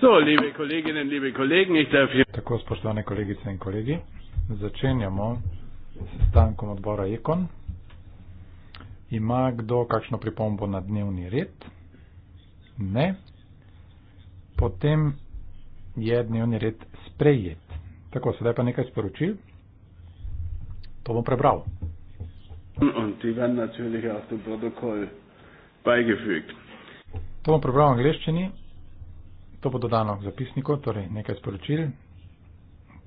So, liebe Kolleginnen, liebe Kollegen, ich darf hier. Tako, spoštovane kolegice in kolegi, začenjamo s stankom odbora Ekon. Ima kdo kakšno pripombo na dnevni red? Ne. Potem je dnevni red sprejet. Tako, sedaj pa nekaj sporočil. To bom prebral. In ti bodo natürlich auch dem Protokoll beigefügt. To bom prebral v angleščini. To bo dodano k zapisniku, torej nekaj sporočil,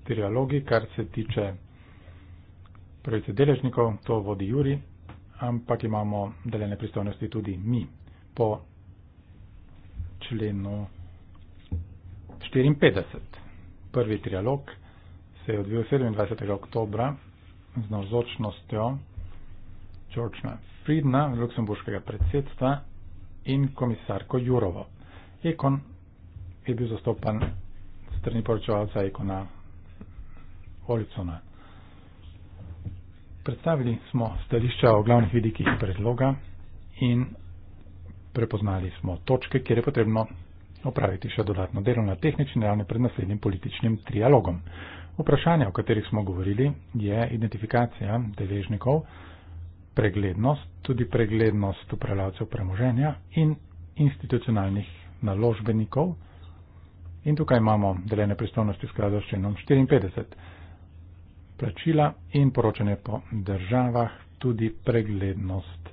trialogi, kar se tiče pravice deležnikov, to vodi Juri, ampak imamo deljene pristojnosti tudi mi po členu 54. Prvi trialog se je odvil 27. oktobra z navzočnostjo Čorčna Fridna, luksemburškega predsedstva in komisarko Jurovo. Ekon je bil zastopan strani poročevalca Ikona Olicona. Predstavili smo stališča o glavnih vidikih predloga in prepoznali smo točke, kjer je potrebno opraviti še dodatno delo na tehnični ravni pred naslednjim političnim trialogom. Vprašanje, o katerih smo govorili, je identifikacija deležnikov, preglednost, tudi preglednost upravljavcev premoženja in institucionalnih naložbenikov. In tukaj imamo deljene pristojnosti v skladu s členom 54. Plačila in poročanje po državah, tudi preglednost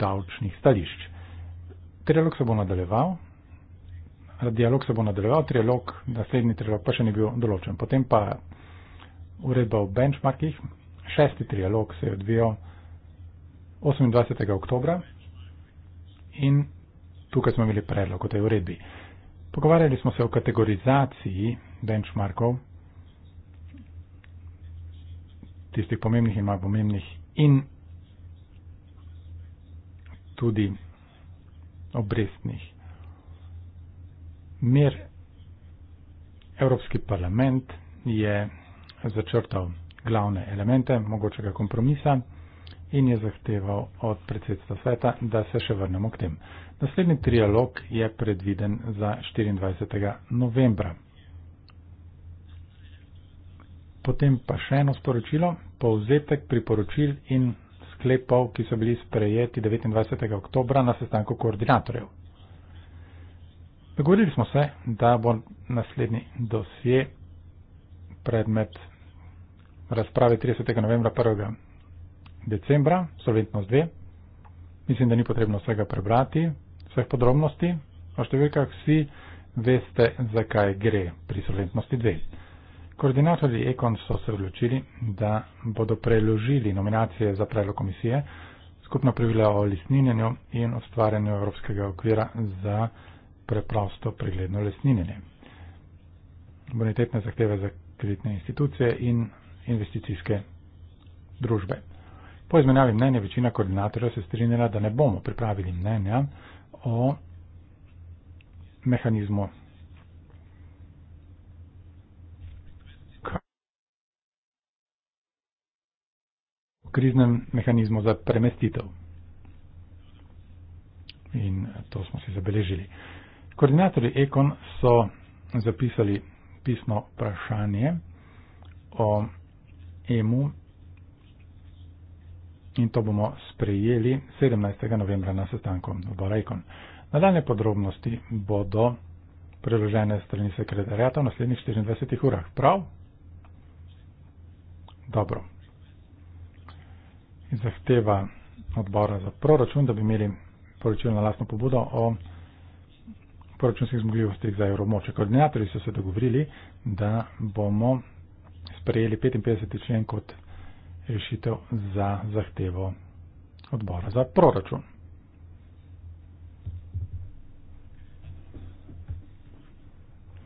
davčnih stališč. Trilog se bo nadaljeval, dialog se bo nadaljeval, trilog, naslednji trilog pa še ni bil določen. Potem pa uredba o benchmarkih, šesti trilog se je odvijal 28. oktobra in tukaj smo imeli predlog o tej uredbi. Pogovarjali smo se o kategorizaciji benchmarkov, tistih pomembnih in manj pomembnih, in tudi obrestnih. Mir Evropski parlament je začrtal glavne elemente mogočega kompromisa in je zahteval od predsedstva sveta, da se še vrnemo k temu. Naslednji trialog je predviden za 24. novembra. Potem pa še eno sporočilo, povzetek priporočil in sklepov, ki so bili sprejeti 29. oktobra na sestanku koordinatorjev. Dogovorili smo se, da bo naslednji dosje predmet razprave 30. novembra 1. decembra, solventnost 2. Mislim, da ni potrebno vsega prebrati, vseh podrobnosti, o številkah vsi veste, zakaj gre pri solventnosti 2. Koordinatorji Ekon so se odločili, da bodo preložili nominacije za predlog komisije, skupno pravila o lesninjenju in ustvarjanju Evropskega okvira za preprosto pregledno lesninjenje. Bonitetne zahteve za kreditne institucije in investicijske družbe. Po izmenjavi mnenja večina koordinatorjev se strinjala, da ne bomo pripravili mnenja o mehanizmu. kriznem mehanizmu za premestitev. In to smo si zabeležili. Koordinatorji Ekon so zapisali pismo vprašanje o EMU in to bomo sprejeli 17. novembra na sestanku v Borajkon. Nadaljne podrobnosti bodo preložene strani sekretarjata v naslednjih 24 urah. Prav? Dobro. Zahteva odbora za proračun, da bi imeli poročilo na lastno pobudo o poročunskih zmogljivostih za evromoče. Koordinatorji so se dogovorili, da bomo sprejeli 55. člen kot rešitev za zahtevo odbora za proračun.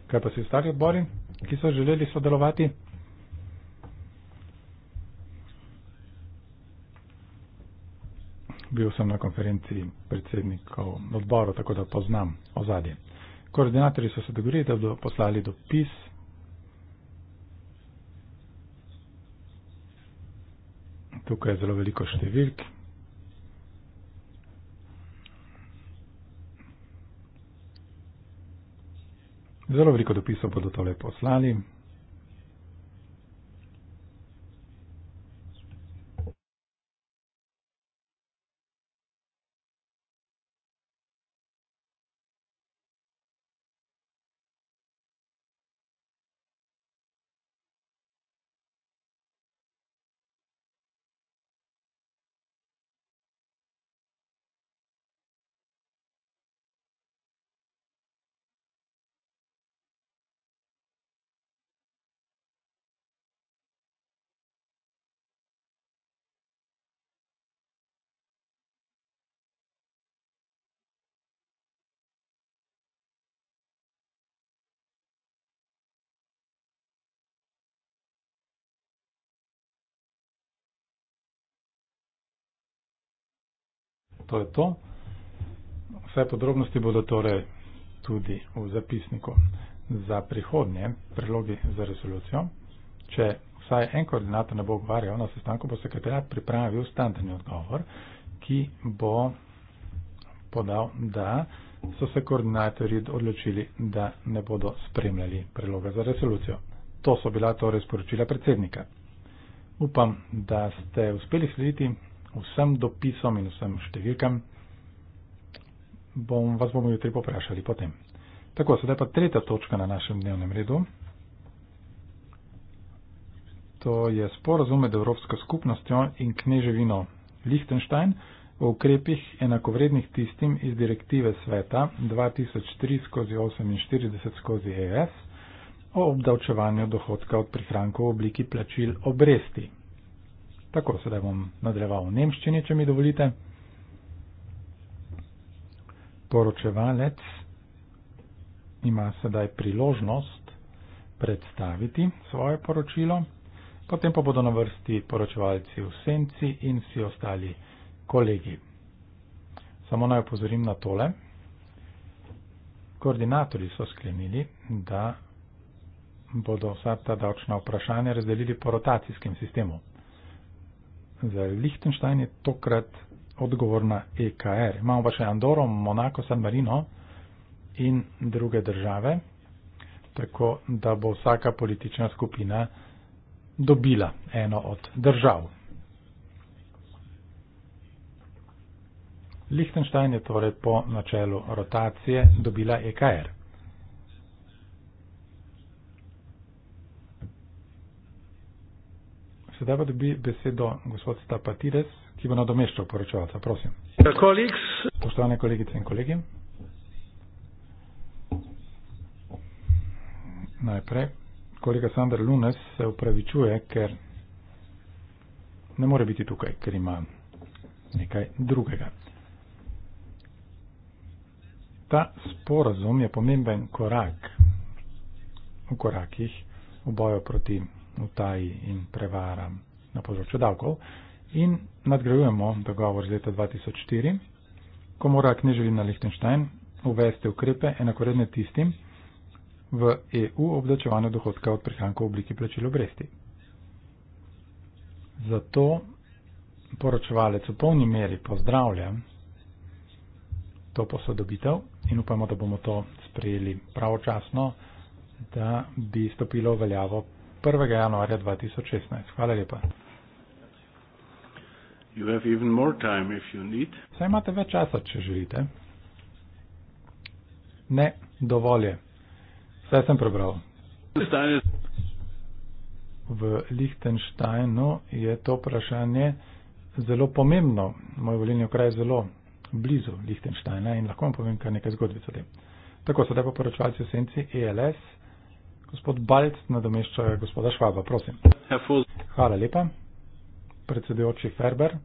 Kaj pa si ostali odbori, ki so želeli sodelovati? Bil sem na konferenci predsednikov odborov, tako da poznam ozadje. Koordinatorji so se dogovorili, da bodo poslali dopis Tukaj je zelo veliko številk. Zelo veliko dopisov bodo tole poslali. to je to. Vse podrobnosti bodo torej tudi v zapisniku za prihodnje predlogi za resolucijo. Če vsaj en koordinator ne bo ogovarjal na sestanku, bo sekretariat pripravil standardni odgovor, ki bo podal, da so se koordinatorji odločili, da ne bodo spremljali predloga za resolucijo. To so bila torej sporočila predsednika. Upam, da ste uspeli slediti vsem dopisom in vsem številkam, bom, vas bomo jutri poprašali potem. Tako, sedaj pa tretja točka na našem dnevnem redu. To je sporazum med Evropsko skupnostjo in kneževino Liechtenstein o ukrepih enakovrednih tistim iz direktive sveta 2003-48-ES e o obdavčevanju dohodka od prihrankov v obliki plačil obresti. Tako, sedaj bom nadaljeval v nemščini, če mi dovolite. Poročevalec ima sedaj priložnost predstaviti svoje poročilo, potem pa bodo na vrsti poročevalci v senci in vsi ostali kolegi. Samo naj opozorim na tole. Koordinatori so sklenili, da bodo vsa ta davčna vprašanja razdelili po rotacijskem sistemu za Lichtenstein je tokrat odgovorna EKR. Imamo pa še Andoro, Monako, San Marino in druge države, tako da bo vsaka politična skupina dobila eno od držav. Lichtenstein je torej po načelu rotacije dobila EKR. Sedaj pa dobi besedo gospod Stapatides, ki bo nadomeščal poročevalca. Prosim. Poštovane kolegice in kolegi. Najprej, kolega Sandr Lunes se upravičuje, ker ne more biti tukaj, ker ima nekaj drugega. Ta sporazum je pomemben korak v korakih v boju proti utaji in prevara na področju davkov. In nadgrajujemo dogovor iz leta 2004, ko mora kneželina Lichtenstein uvesti ukrepe enakoredne tistim v EU obdačevanju dohodka od prihrankov v obliki plačil obresti. Zato poročevalec v polni meri pozdravlja to posodobitev in upamo, da bomo to sprejeli pravočasno, da bi stopilo v veljavo 1. januarja 2016. Hvala lepa. You have even more time if you need. Saj imate več časa, če želite. Ne, dovolj je. Vse sem prebral. V Lichtensteinu je to vprašanje zelo pomembno. Moj volilni okraj je zelo blizu Lichtensteina in lahko vam povem kar nekaj zgodbic o tem. Tako, sedaj pa poročevalci v senci ELS. Gospod Balc nadomešča gospoda Švaba, prosim. Hvala lepa. Predsedujoči Ferber,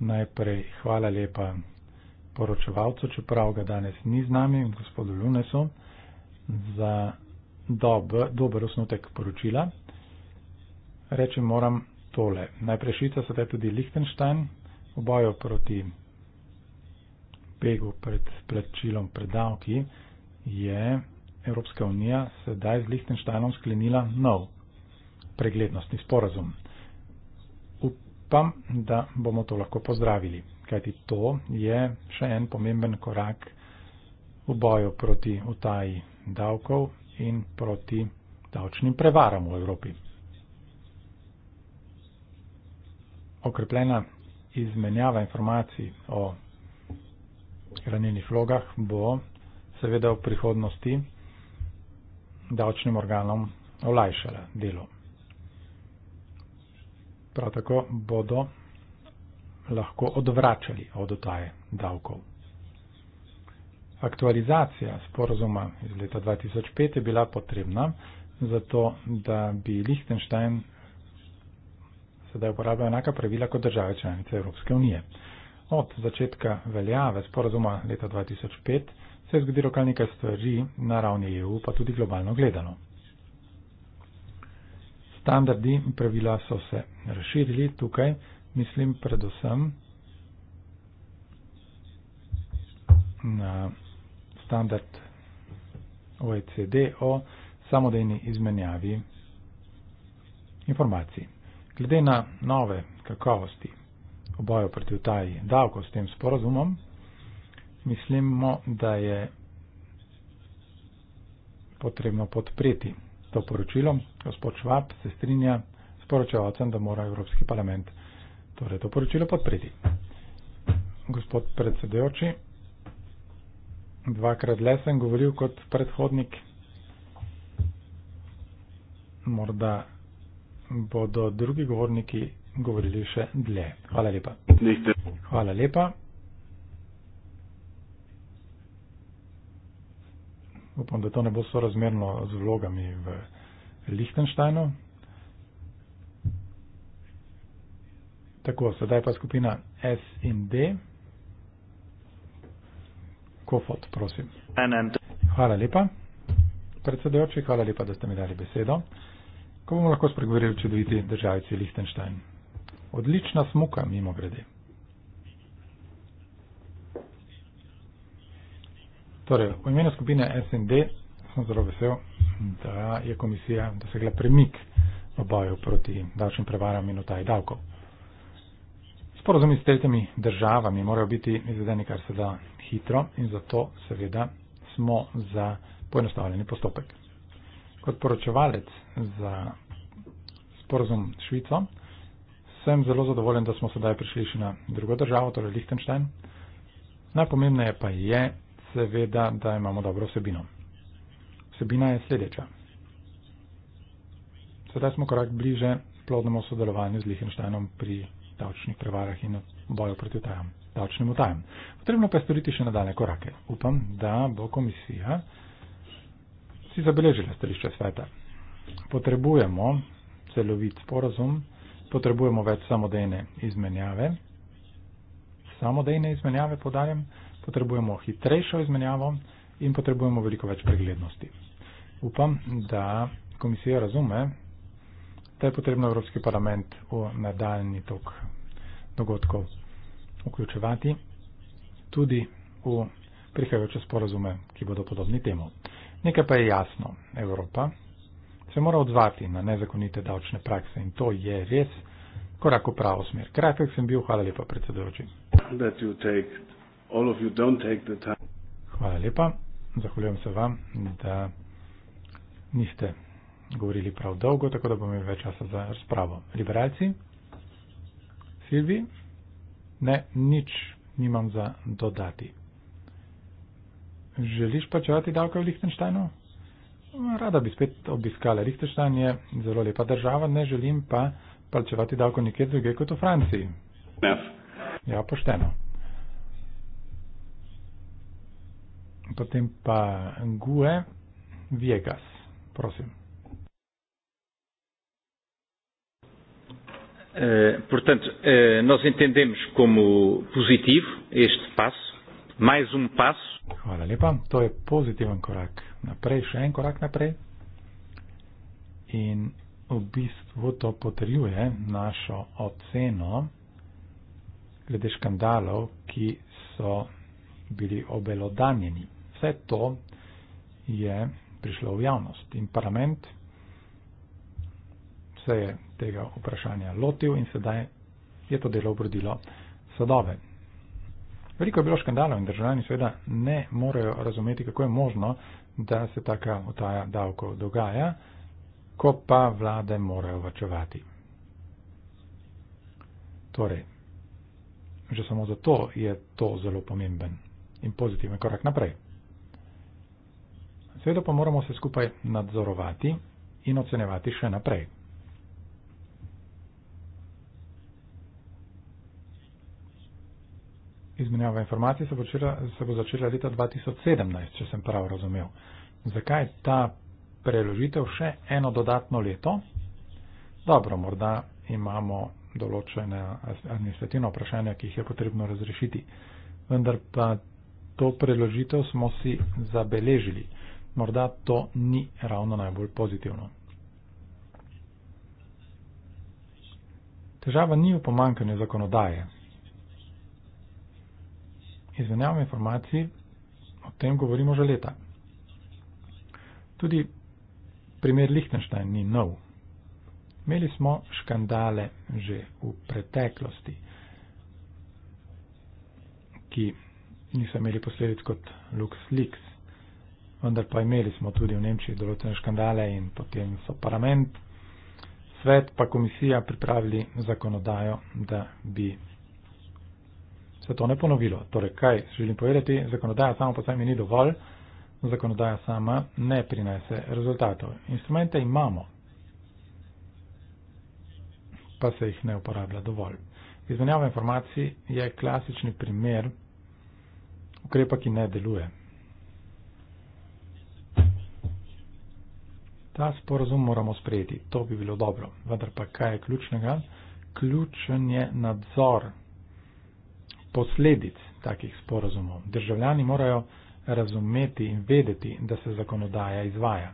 najprej hvala lepa poročevalcu, čeprav ga danes ni z nami, gospodu Lunesu, za dob, dober osnutek poročila. Reči moram tole. Najprej šica se je tudi Lichtenstein v boju proti begu pred plačilom predavki je Evropska unija sedaj z Lihtenštajnom sklenila nov preglednostni sporazum. Upam, da bomo to lahko pozdravili, kajti to je še en pomemben korak v boju proti utaji davkov in proti davčnim prevaram v Evropi. Okrepljena izmenjava informacij o hranjenih vlogah bo seveda v prihodnosti davčnim organom olajšale delo. Prav tako bodo lahko odvračali od otaje davkov. Aktualizacija sporozuma iz leta 2005 je bila potrebna, zato da bi Liechtenstein sedaj uporabljal enaka pravila kot države članice Evropske unije. Od začetka veljave sporozuma leta 2005 se je zgodilo kar nekaj stvari na ravni EU, pa tudi globalno gledano. Standardi in pravila so se razširili tukaj, mislim predvsem na standard OECD o samodejni izmenjavi informacij. Glede na nove kakovosti obojo proti utaji davko s tem sporozumom, mislimo, da je potrebno podpreti to poročilo. Gospod Švab se strinja s poročevalcem, da mora Evropski parlament torej to poročilo podpreti. Gospod predsedujoči, dvakrat le sem govoril kot predhodnik. Morda bodo drugi govorniki govorili še dlje. Hvala lepa. Hvala lepa. upam, da to ne bo sorazmerno z vlogami v Lichtensteinu. Tako, sedaj pa skupina S in D. Kofot, prosim. Hvala lepa, predsedojoči, hvala lepa, da ste mi dali besedo. Ko bomo lahko spregovorili o čudoviti državici Lichtenstein? Odlična smuka, mimo grede. Torej, v imenu skupine SND sem zelo vesel, da je komisija dosegla premik v boju proti davčnim prevaram in utaji davkov. Sporozumi s tretjimi državami morajo biti izvedeni kar se da hitro in zato seveda smo za poenostavljeni postopek. Kot poročevalec za sporozum s Švico sem zelo zadovoljen, da smo sedaj prišli še na drugo državo, torej Lichtenstein. Najpomembneje pa je, seveda, da imamo dobro vsebino. Vsebina je sledeča. Sedaj smo korak bliže plodnemu sodelovanju z Lihenštajnom pri davčnih prevarah in boju proti tajam, davčnim utajam. Potrebno pa je storiti še nadaljne korake. Upam, da bo komisija si zabeležila stališče sveta. Potrebujemo celovit sporazum, potrebujemo več samodejne izmenjave, samodejne izmenjave podarjam, potrebujemo hitrejšo izmenjavo in potrebujemo veliko več preglednosti. Upam, da komisija razume, da je potrebno Evropski parlament v nadaljni tok dogodkov vključevati tudi v prihajajoče sporazume, ki bodo podobni temu. Nekaj pa je jasno. Evropa se mora odzvati na nezakonite davčne prakse in to je res korak v pravo smer. Kratek sem bil, hvala lepa predsedujoči all of you don't take the time. Hvala lepa. Zahvaljujem se vam, da niste govorili prav dolgo, tako da bom imel več časa za razpravo. Liberalci? Silvi? Ne, nič nimam za dodati. Želiš plačevati davke v Lichtensteinu? Rada bi spet obiskala. Lichtenstein je zelo lepa država, ne želim pa plačevati davko nikjer druge kot v Franciji. Ja, pošteno. potem pa Gue Viegas, prosim. Uh, portanto, uh, nós entendemos como positivo este passo, mais um passo. Hvala lepa, to je pozitiven korak naprej, še en korak naprej. In v bistvu to potrjuje našo oceno glede škandalov, ki so bili obelodanjeni. Vse to je prišlo v javnost in parlament se je tega vprašanja lotil in sedaj je to delo obrodilo sadove. Veliko je bilo škandalov in državljani seveda ne morejo razumeti, kako je možno, da se taka utaja davkov dogaja, ko pa vlade morajo vačevati. Torej, že samo zato je to zelo pomemben in pozitiven korak naprej. Seveda pa moramo se skupaj nadzorovati in ocenevati še naprej. Izmenjava informacij se bo, čela, se bo začela leta 2017, če sem prav razumel. Zakaj ta preložitev še eno dodatno leto? Dobro, morda imamo določene administrativne vprašanja, ki jih je potrebno razrešiti, vendar pa to preložitev smo si zabeležili morda to ni ravno najbolj pozitivno. Težava ni v pomankanju zakonodaje. Izmenjavo informacij o tem govorimo že leta. Tudi primer Lichtenstein ni nov. Imeli smo škandale že v preteklosti, ki niso imeli posledic kot LuxLeaks vendar pa imeli smo tudi v Nemčiji določene škandale in potem so parlament, svet pa komisija pripravili zakonodajo, da bi se to ne ponovilo. Torej, kaj želim povedati, zakonodaja samo po sebi ni dovolj, zakonodaja sama ne prinese rezultatov. Instrumente imamo, pa se jih ne uporablja dovolj. Izmenjava informacij je klasični primer ukrepa, ki ne deluje. ta sporozum moramo sprejeti. To bi bilo dobro. Vendar pa kaj je ključnega? Ključen je nadzor posledic takih sporozumov. Državljani morajo razumeti in vedeti, da se zakonodaja izvaja.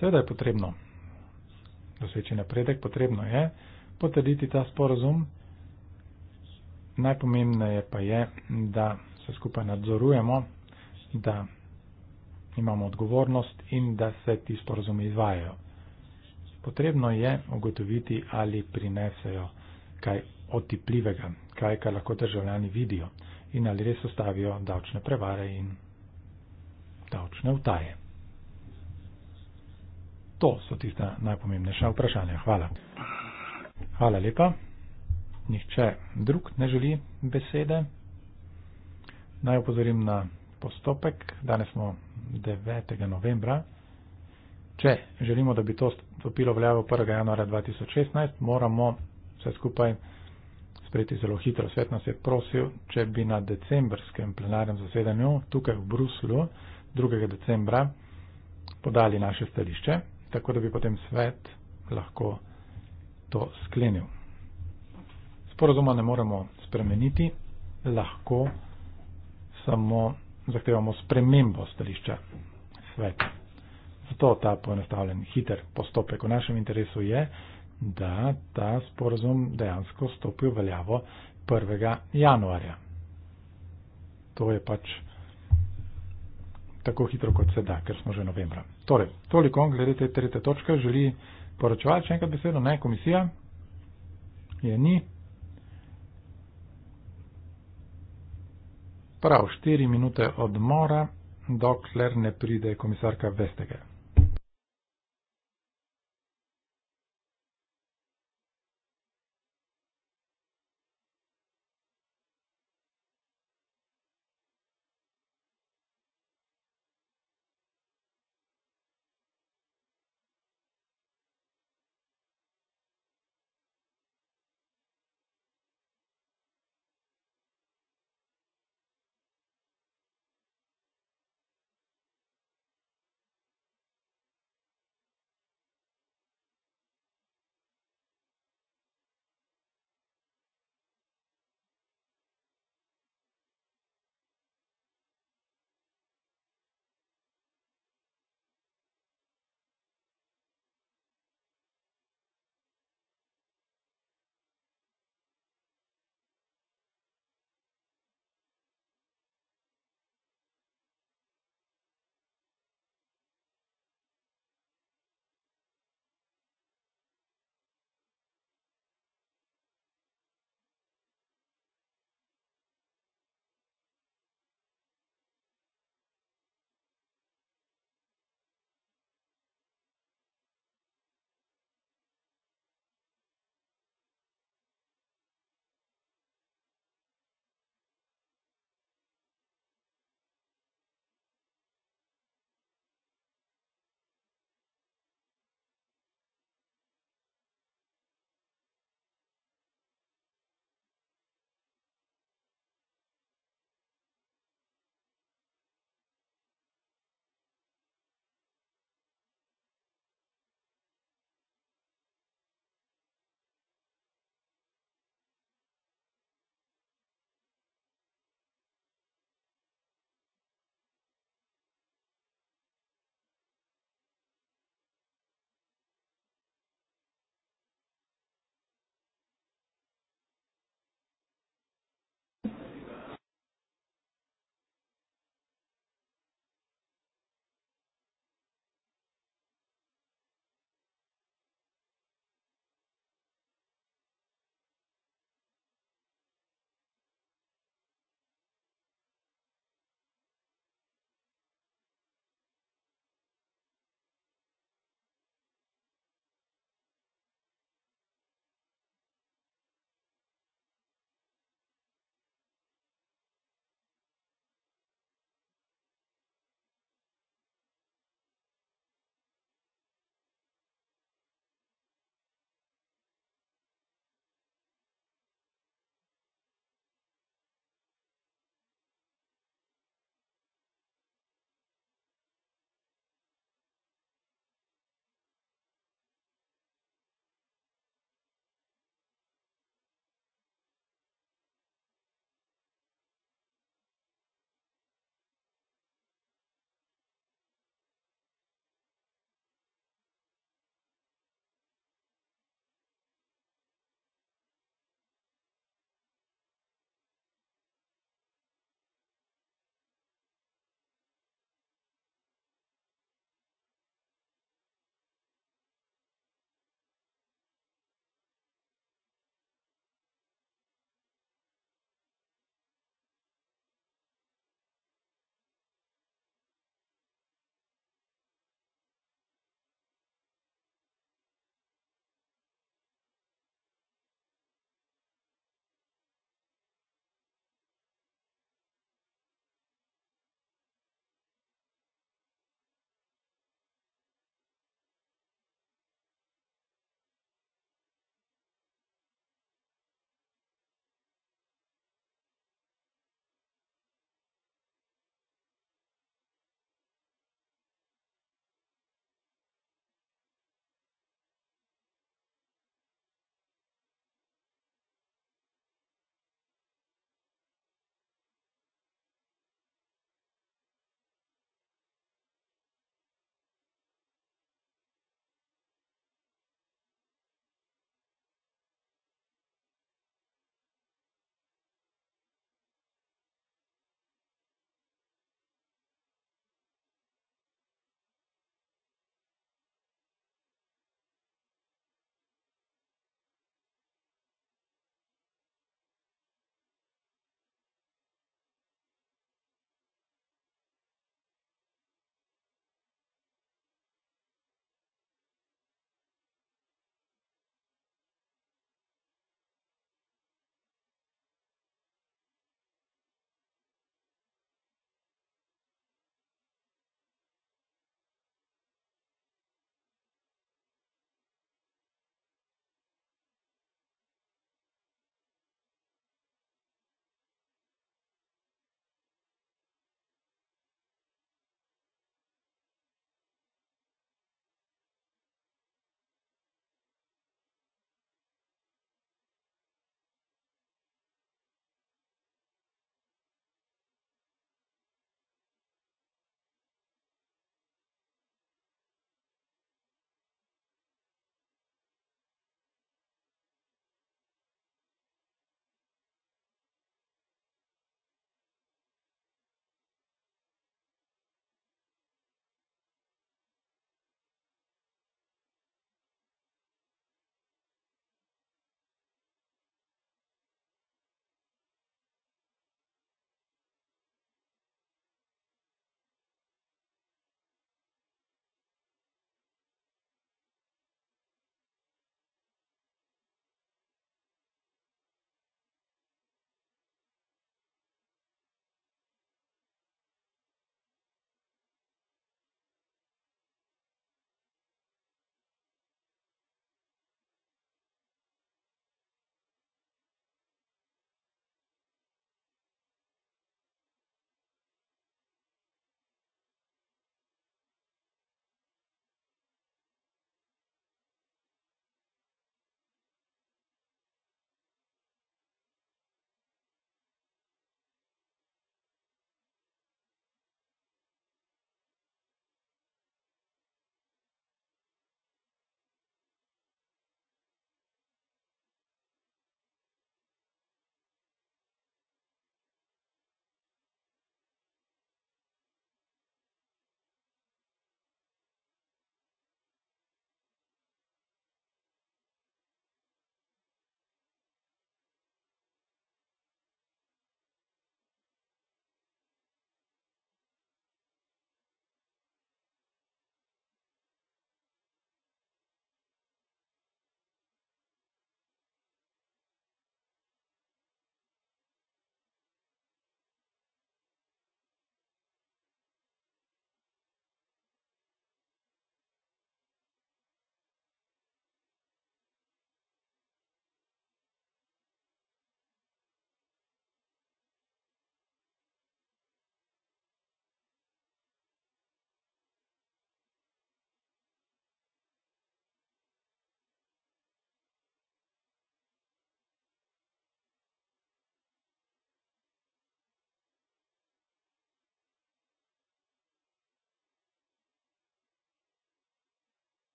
Seveda je potrebno doseči napredek, potrebno je potrditi ta sporozum. Najpomembneje pa je, da se skupaj nadzorujemo, da imamo odgovornost in da se ti sporozumi izvajajo. Potrebno je ugotoviti, ali prinesejo kaj otipljivega, kaj, kar lahko državljani vidijo in ali res ostavijo davčne prevare in davčne utaje. To so tista najpomembnejša vprašanja. Hvala. Hvala lepa. Nihče drug ne želi besede. Naj opozorim na postopek. Danes smo 9. novembra, če želimo, da bi to stopilo veljavo 1. januarja 2016, moramo vse skupaj sprejeti zelo hitro. Svet nas je prosil, če bi na decembrskem plenarnem zasedanju tukaj v Bruslu 2. decembra podali naše stališče, tako da bi potem svet lahko to sklenil. Sporozuma ne moremo spremeniti, lahko samo zahtevamo spremembo stališča sveta. Zato ta poenostavljen hiter postopek v našem interesu je, da ta sporozum dejansko stopi v veljavo 1. januarja. To je pač tako hitro, kot se da, ker smo že novembra. Torej, toliko glede te tretje točke. Želi poročevalče enkrat besedo, ne komisija? Je ni. prav štiri minute odmora, dokler ne pride komisarka Vestega.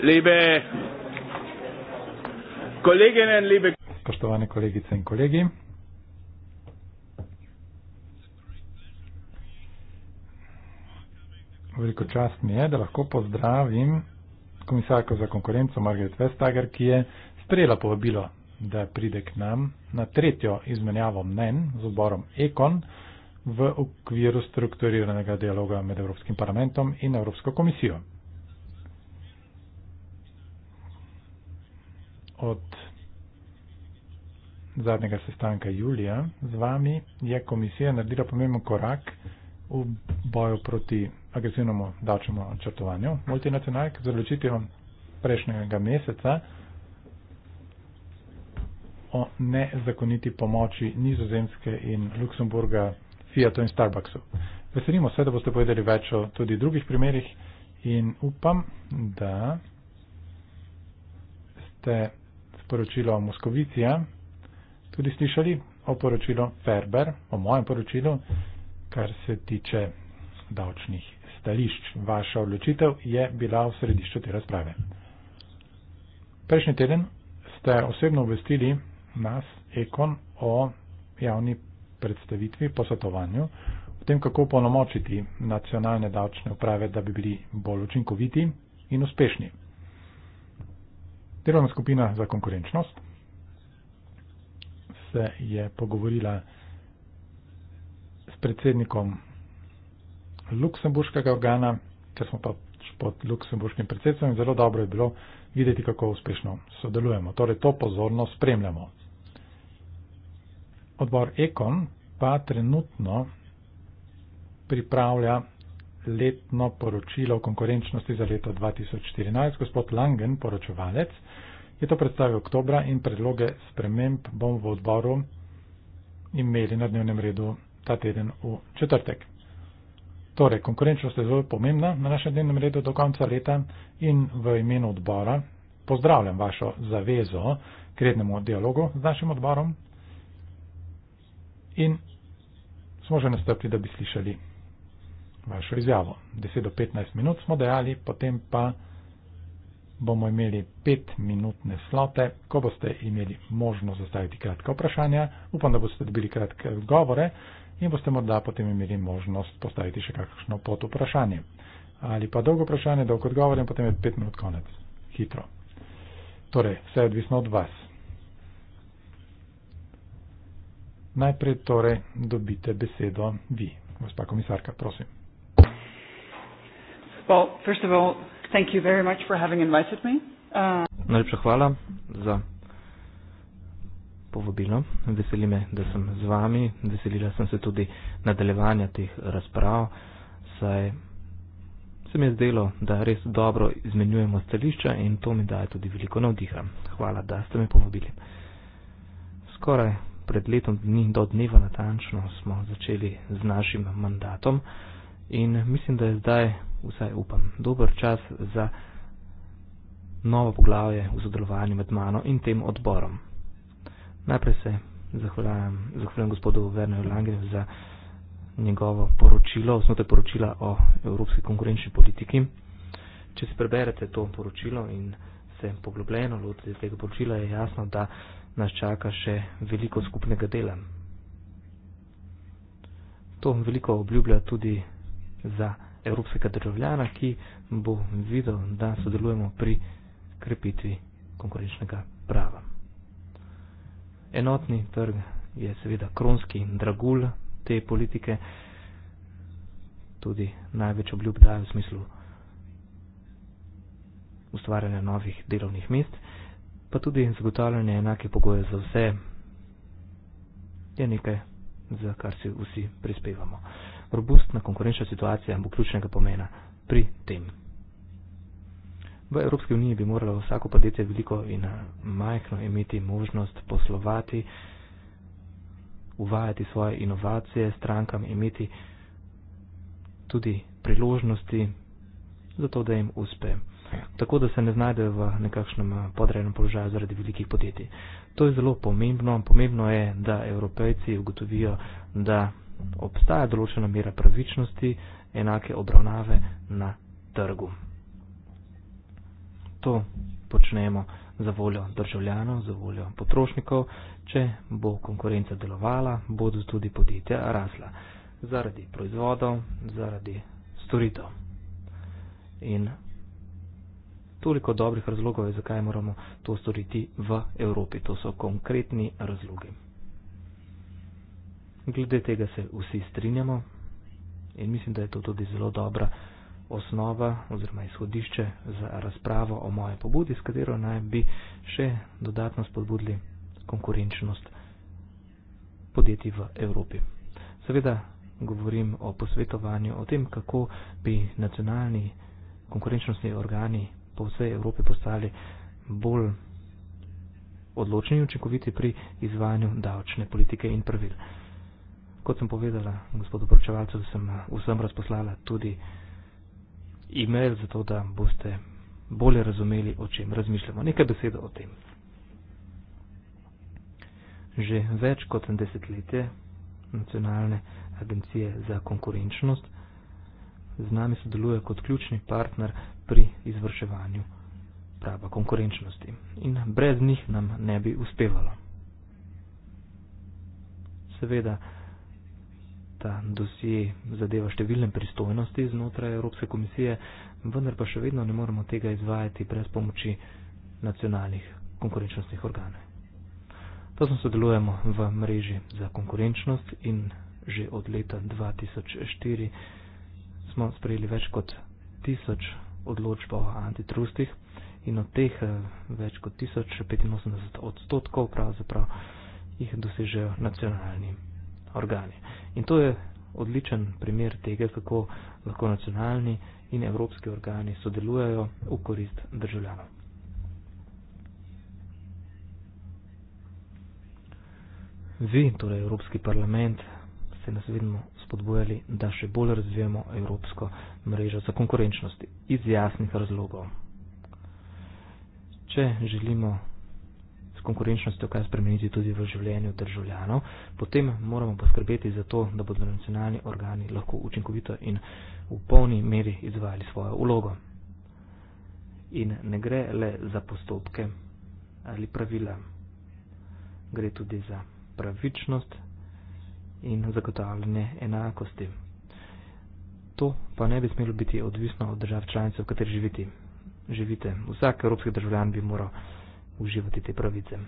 liebe Kolleginnen, liebe Spoštovane kolegice in kolegi. Veliko čast mi je, da lahko pozdravim komisarko za konkurenco Margaret Vestager, ki je sprejela povabilo, da pride k nam na tretjo izmenjavo mnen z odborom Ekon v okviru strukturiranega dialoga med Evropskim parlamentom in Evropsko komisijo. od zadnjega sestanka julija z vami je komisija naredila pomemben korak v boju proti agresivnemu davčnemu črtovanju multinacionalk z odločitvijo prejšnjega meseca o nezakoniti pomoči nizozemske in Luksemburga Fiatu in Starbucksu. Veselimo se, da boste povedali več o tudi drugih primerih in upam, da ste poročilo o Moskovici, tudi slišali o poročilu Ferber, o mojem poročilu, kar se tiče davčnih stališč. Vaša odločitev je bila v središču te razprave. Prejšnji teden ste osebno obvestili nas, Ekon, o javni predstavitvi, posvetovanju, o tem, kako ponomočiti nacionalne davčne uprave, da bi bili bolj učinkoviti in uspešni. Delovna skupina za konkurenčnost se je pogovorila s predsednikom Luksemburškega organa, ker smo pač pod Luksemburškim predsedstvom in zelo dobro je bilo videti, kako uspešno sodelujemo. Torej to pozorno spremljamo. Odbor Ekon pa trenutno pripravlja letno poročilo o konkurenčnosti za leto 2014. Gospod Langen, poročevalec, je to predstavil oktobra in predloge sprememb bom v odboru imeli na dnevnem redu ta teden v četrtek. Torej, konkurenčnost je zelo pomembna na našem dnevnem redu do konca leta in v imenu odbora pozdravljam vašo zavezo k rednemu dialogu z našim odborom in smo že nastopili, da bi slišali vašo izjavo. 10 do 15 minut smo dejali, potem pa bomo imeli 5 minutne slote, ko boste imeli možnost zastaviti kratka vprašanja. Upam, da boste dobili kratke odgovore in boste morda potem imeli možnost postaviti še kakšno pot vprašanje. Ali pa dolgo vprašanje, dolg odgovor in potem je 5 minut konec. Hitro. Torej, vse je odvisno od vas. Najprej torej dobite besedo vi, gospa komisarka, prosim. Well, first of all, thank you very much for having invited me. Uh... Najlepša hvala za povabilo. Veseli me, da sem z vami. Veselila sem se tudi nadaljevanja teh razprav, saj se mi je zdelo, da res dobro izmenjujemo stališča in to mi daje tudi veliko navdiha. Hvala, da ste me povabili. Skoraj pred letom dni do dneva natančno smo začeli z našim mandatom in mislim, da je zdaj vsaj upam, dober čas za novo poglavje v sodelovanju med mano in tem odborom. Najprej se zahvaljam, zahvaljam gospodu Werneru Langenu za njegovo poročilo, osnote poročila o evropski konkurenčni politiki. Če si preberete to poročilo in se poglobljeno lotite tega poročila, je jasno, da nas čaka še veliko skupnega dela. To veliko obljublja tudi za evropskega državljana, ki bo videl, da sodelujemo pri krepitvi konkurenčnega prava. Enotni trg je seveda kronski dragul te politike, tudi največ obljub daje v smislu ustvarjanja novih delovnih mest, pa tudi zagotavljanje enake pogoje za vse je nekaj, za kar si vsi prispevamo robustna konkurenčna situacija bo ključnega pomena pri tem. V Evropski uniji bi moralo vsako podjetje veliko in eh, majhno imeti možnost poslovati, uvajati svoje inovacije, strankam imeti tudi priložnosti za to, da jim uspe. Tako, da se ne znajdejo v nekakšnem eh, podrejenem položaju zaradi velikih podjetij. To je zelo pomembno. Pomembno je, da evropejci ugotovijo, da obstaja določena mera pravičnosti, enake obravnave na trgu. To počnemo za voljo državljanov, za voljo potrošnikov. Če bo konkurenca delovala, bodo tudi podjetja rasla zaradi proizvodov, zaradi storitev. In toliko dobrih razlogov je, zakaj moramo to storiti v Evropi. To so konkretni razlogi glede tega se vsi strinjamo in mislim, da je to tudi zelo dobra osnova oziroma izhodišče za razpravo o moje pobudi, s katero naj bi še dodatno spodbudili konkurenčnost podjetij v Evropi. Seveda govorim o posvetovanju, o tem, kako bi nacionalni konkurenčnostni organi po vsej Evropi postali bolj odločni in učinkoviti pri izvajanju davčne politike in pravil kot sem povedala gospodu poročevalcu, sem eh, vsem razposlala tudi e-mail, zato da boste bolje razumeli, o čem razmišljamo. Nekaj besede o tem. Že več kot desetletje Nacionalne agencije za konkurenčnost z nami sodeluje kot ključni partner pri izvrševanju prava konkurenčnosti. In brez njih nam ne bi uspevalo. Seveda, ta dosje zadeva številne pristojnosti znotraj Evropske komisije, vendar pa še vedno ne moremo tega izvajati brez pomoči nacionalnih konkurenčnostnih organov. Zato sodelujemo v mreži za konkurenčnost in že od leta 2004 smo sprejeli več kot tisoč odločb o antitrustih in od teh eh, več kot 1085 odstotkov pravzaprav jih dosežejo nacionalni organi. In to je odličen primer tega, kako lahko nacionalni in evropski organi sodelujejo v korist državljanov. Vi, torej Evropski parlament, ste nas vedno spodbojali, da še bolj razvijamo evropsko mrežo za konkurenčnost iz jasnih razlogov. Če želimo konkurenčnostjo kaj spremeniti tudi v življenju državljanov, potem moramo poskrbeti za to, da bodo nacionalni organi lahko učinkovito in v polni meri izvajali svojo ulogo. In ne gre le za postopke ali pravila, gre tudi za pravičnost in zagotavljanje enakosti. To pa ne bi smelo biti odvisno od držav članice, v kateri živite. Vsak evropski državljan bi moral uživati te pravice.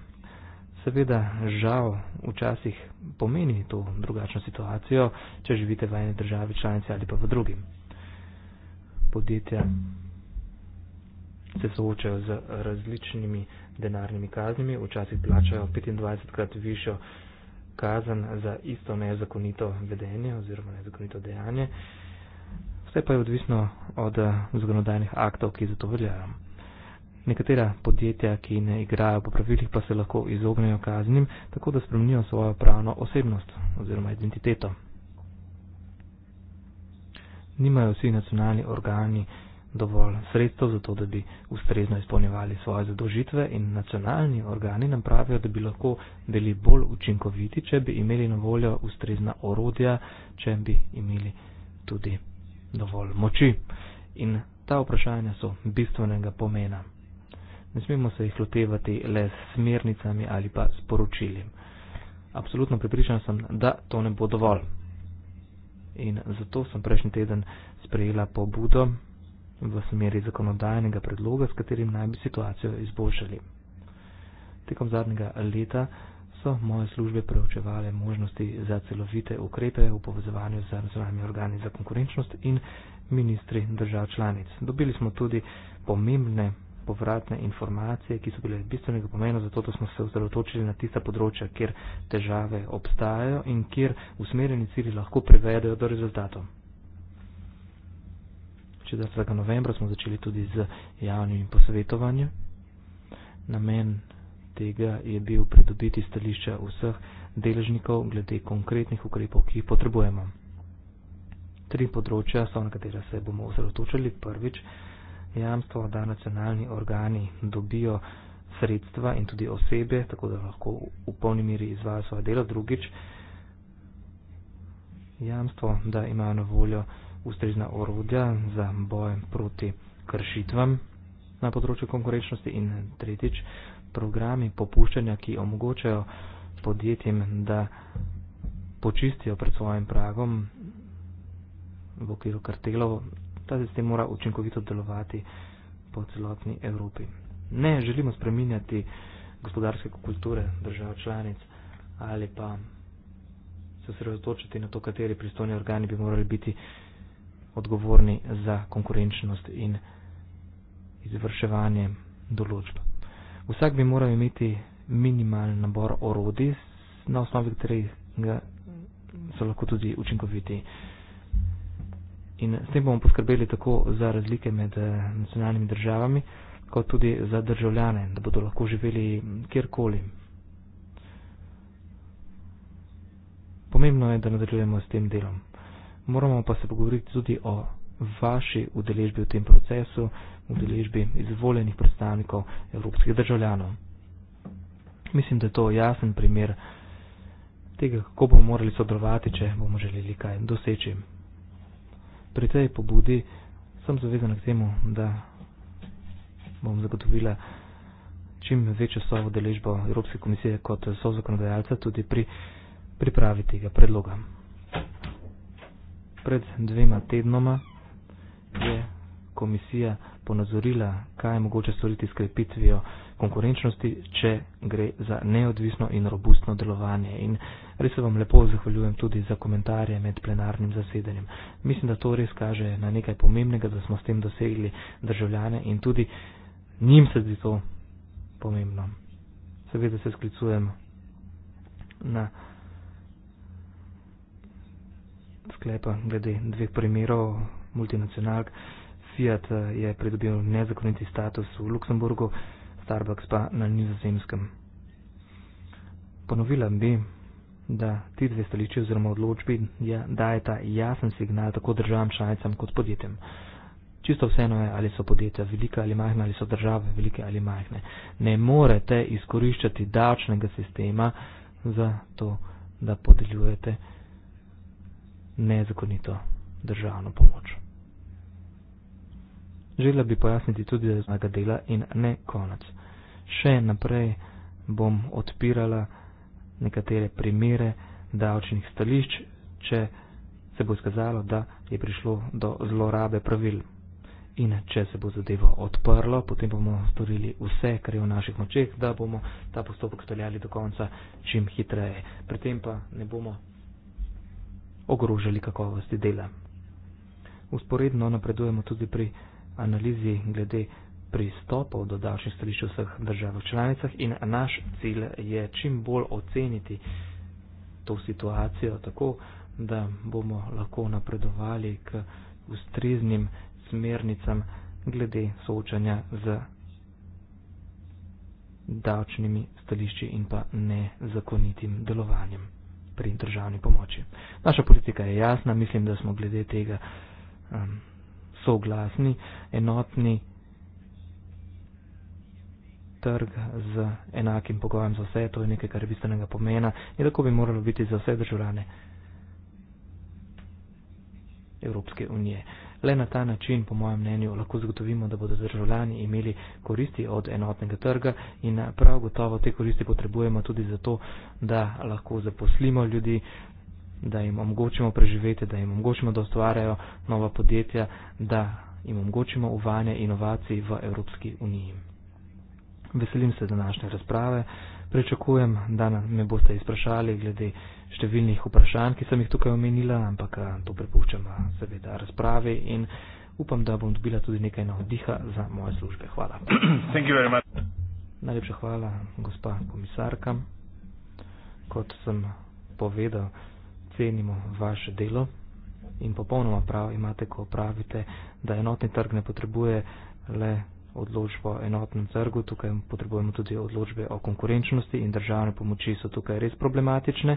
Seveda, žal, včasih pomeni to drugačno situacijo, če živite v eni državi članici ali pa v drugi. Podjetja se soočajo z različnimi denarnimi kaznimi, včasih plačajo 25 krat višjo kazen za isto nezakonito vedenje oziroma nezakonito dejanje. Vse pa je odvisno od eh, zakonodajnih aktov, ki za to veljajo. Nekatera podjetja, ki ne igrajo po pravilih, pa se lahko izognejo kaznim, tako da spremenijo svojo pravno osebnost oziroma identiteto. Nimajo vsi nacionalni organi dovolj sredstev za to, da bi ustrezno izpolnjevali svoje zadožitve in nacionalni organi nam pravijo, da bi lahko bili bolj učinkoviti, če bi imeli na voljo ustrezna orodja, če bi imeli tudi dovolj moči. In ta vprašanja so bistvenega pomena ne smemo se jih lotevati le s smernicami ali pa sporočili. Absolutno pripričan sem, da to ne bo dovolj. In zato sem prejšnji teden sprejela pobudo v smeri zakonodajnega predloga, s katerim naj bi situacijo izboljšali. Tekom zadnjega leta so moje službe preučevale možnosti za celovite ukrepe v povezovanju z nacionalnimi organi za konkurenčnost in ministri držav članic. Dobili smo tudi pomembne povratne informacije, ki so bile bistvenega pomena, zato smo se ozdravotočili na tista področja, kjer težave obstajajo in kjer usmerjeni cilji lahko privedajo do rezultatov. 14. novembra smo začeli tudi z javnim posvetovanjem. Namen tega je bil pridobiti stališča vseh deležnikov glede konkretnih ukrepov, ki jih potrebujemo. Tri področja so, na katera se bomo osredotočili. Prvič, jamstvo, da nacionalni organi dobijo sredstva in tudi osebe, tako da lahko v polni miri izvajo svoje delo. Drugič, jamstvo, da imajo na voljo ustrezna orodja za boj proti kršitvam na področju konkurenčnosti in tretjič, programi popuščanja, ki omogočajo podjetjem, da počistijo pred svojim pragom v okviru kartelov Ta sistem mora učinkovito delovati po celotni Evropi. Ne želimo spreminjati gospodarske kulture držav članic ali pa se osredotočiti na to, kateri pristojni organi bi morali biti odgovorni za konkurenčnost in izvrševanje določb. Vsak bi moral imeti minimalen nabor orodij, na osnovi katerih so lahko tudi učinkoviti in s tem bomo poskrbeli tako za razlike med eh, nacionalnimi državami, kot tudi za državljane, da bodo lahko živeli kjerkoli. Pomembno je, da nadaljujemo s tem delom. Moramo pa se pogovoriti tudi o vaši udeležbi v tem procesu, udeležbi izvoljenih predstavnikov evropskih državljanov. Mislim, da je to jasen primer tega, kako bomo morali sodelovati, če bomo želeli kaj doseči pri tej pobudi sem zavezan k temu, da bom zagotovila čim večjo sovo deležbo Evropske komisije kot sozakonodajalca tudi pri pripravi tega predloga. Pred dvema tednoma je komisija ponazorila, kaj je mogoče storiti s krepitvijo konkurenčnosti, če gre za neodvisno in robustno delovanje. In res se vam lepo zahvaljujem tudi za komentarje med plenarnim zasedanjem. Mislim, da to res kaže na nekaj pomembnega, da smo s tem dosegli državljane in tudi njim se zdi to pomembno. Seveda se sklicujem na sklepa glede dveh primerov multinacionalk. Fiat eh, je pridobil nezakoniti status v Luksemburgu. Starbucks pa na nizozemskem. Ponovila bi, da ti dve stališči oziroma odločbi ja, dajeta jasen signal tako državam članicam kot podjetjem. Čisto vseeno je, ali so podjetja velika ali majhna, ali so države velike ali majhne. Ne morete izkoriščati davčnega sistema za to, da podeljujete nezakonito državno pomoč. Želela bi pojasniti tudi, da je znaga dela in ne konec. Še naprej bom odpirala nekatere primere davčnih stališč, če se bo skazalo, da je prišlo do zlorabe pravil. In če se bo zadevo odprlo, potem bomo storili vse, kar je v naših močeh, da bomo ta postopek speljali do konca čim hitreje. Pri tem pa ne bomo ogrožali kakovosti dela. Usporedno napredujemo tudi pri analizi glede pristopov do davčnih stališč v vseh državah članicah in naš cilj je čim bolj oceniti to situacijo tako, da bomo lahko napredovali k ustreznim smernicam glede soočanja z davčnimi stališči in pa nezakonitim delovanjem pri državni pomoči. Naša politika je jasna, mislim, da smo glede tega um, soglasni, enotni trg z enakim pogojem za vse, to je nekaj, kar je bistvenega pomena in tako bi moralo biti za vse državljane Evropske unije. Le na ta način, po mojem mnenju, lahko zagotovimo, da bodo državljani imeli koristi od enotnega trga in prav gotovo te koristi potrebujemo tudi zato, da lahko zaposlimo ljudi, da jim omogočimo preživeti, da jim omogočimo, da ustvarjajo nova podjetja, da jim omogočimo uvanje inovacij v Evropski uniji. Veselim se današnje razprave. Pričakujem, da me boste izprašali glede številnih vprašanj, ki sem jih tukaj omenila, ampak eh, to prepuščam eh, seveda razpravi in upam, da bom dobila tudi nekaj navdiha za moje službe. Hvala. Najlepša hvala, gospa komisarka. Kot sem povedal, cenimo vaše delo in popolnoma prav imate, ko pravite, da enotni trg ne potrebuje le odločbo o enotnem trgu, tukaj potrebujemo tudi odločbe o konkurenčnosti in državne pomoči so tukaj res problematične.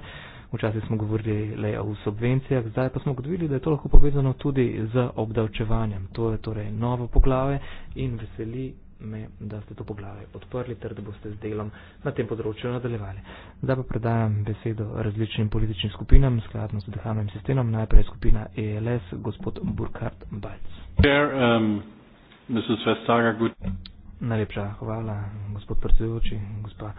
Včasih smo govorili le o subvencijah, zdaj pa smo govorili, da je to lahko povezano tudi z obdavčevanjem. To je torej novo poglave in veseli me, da ste to poglavje odprli ter da boste z delom na tem področju nadaljevali. Zdaj pa predajam besedo različnim političnim skupinam, skladno s dehanovim sistemom, najprej skupina ELS, gospod Burkhard Balc. Um, Najlepša hvala, gospod predsedujoči, gospa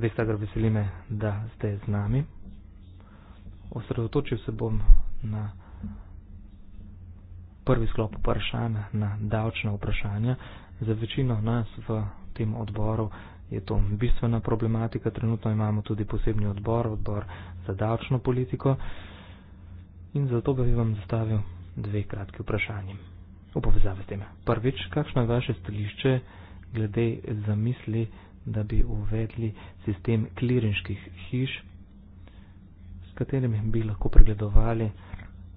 Vestager, veseli me, da ste z nami. Osredotočil se bom na prvi sklop vprašanj, na davčna vprašanja za večino nas v tem odboru je to bistvena problematika. Trenutno imamo tudi posebni odbor, odbor za davčno politiko. In zato bi vam zastavil dve kratki vprašanji v povezavi s tem. Prvič, kakšno je vaše stališče glede zamisli, da bi uvedli sistem klirinških hiš, s katerimi bi lahko pregledovali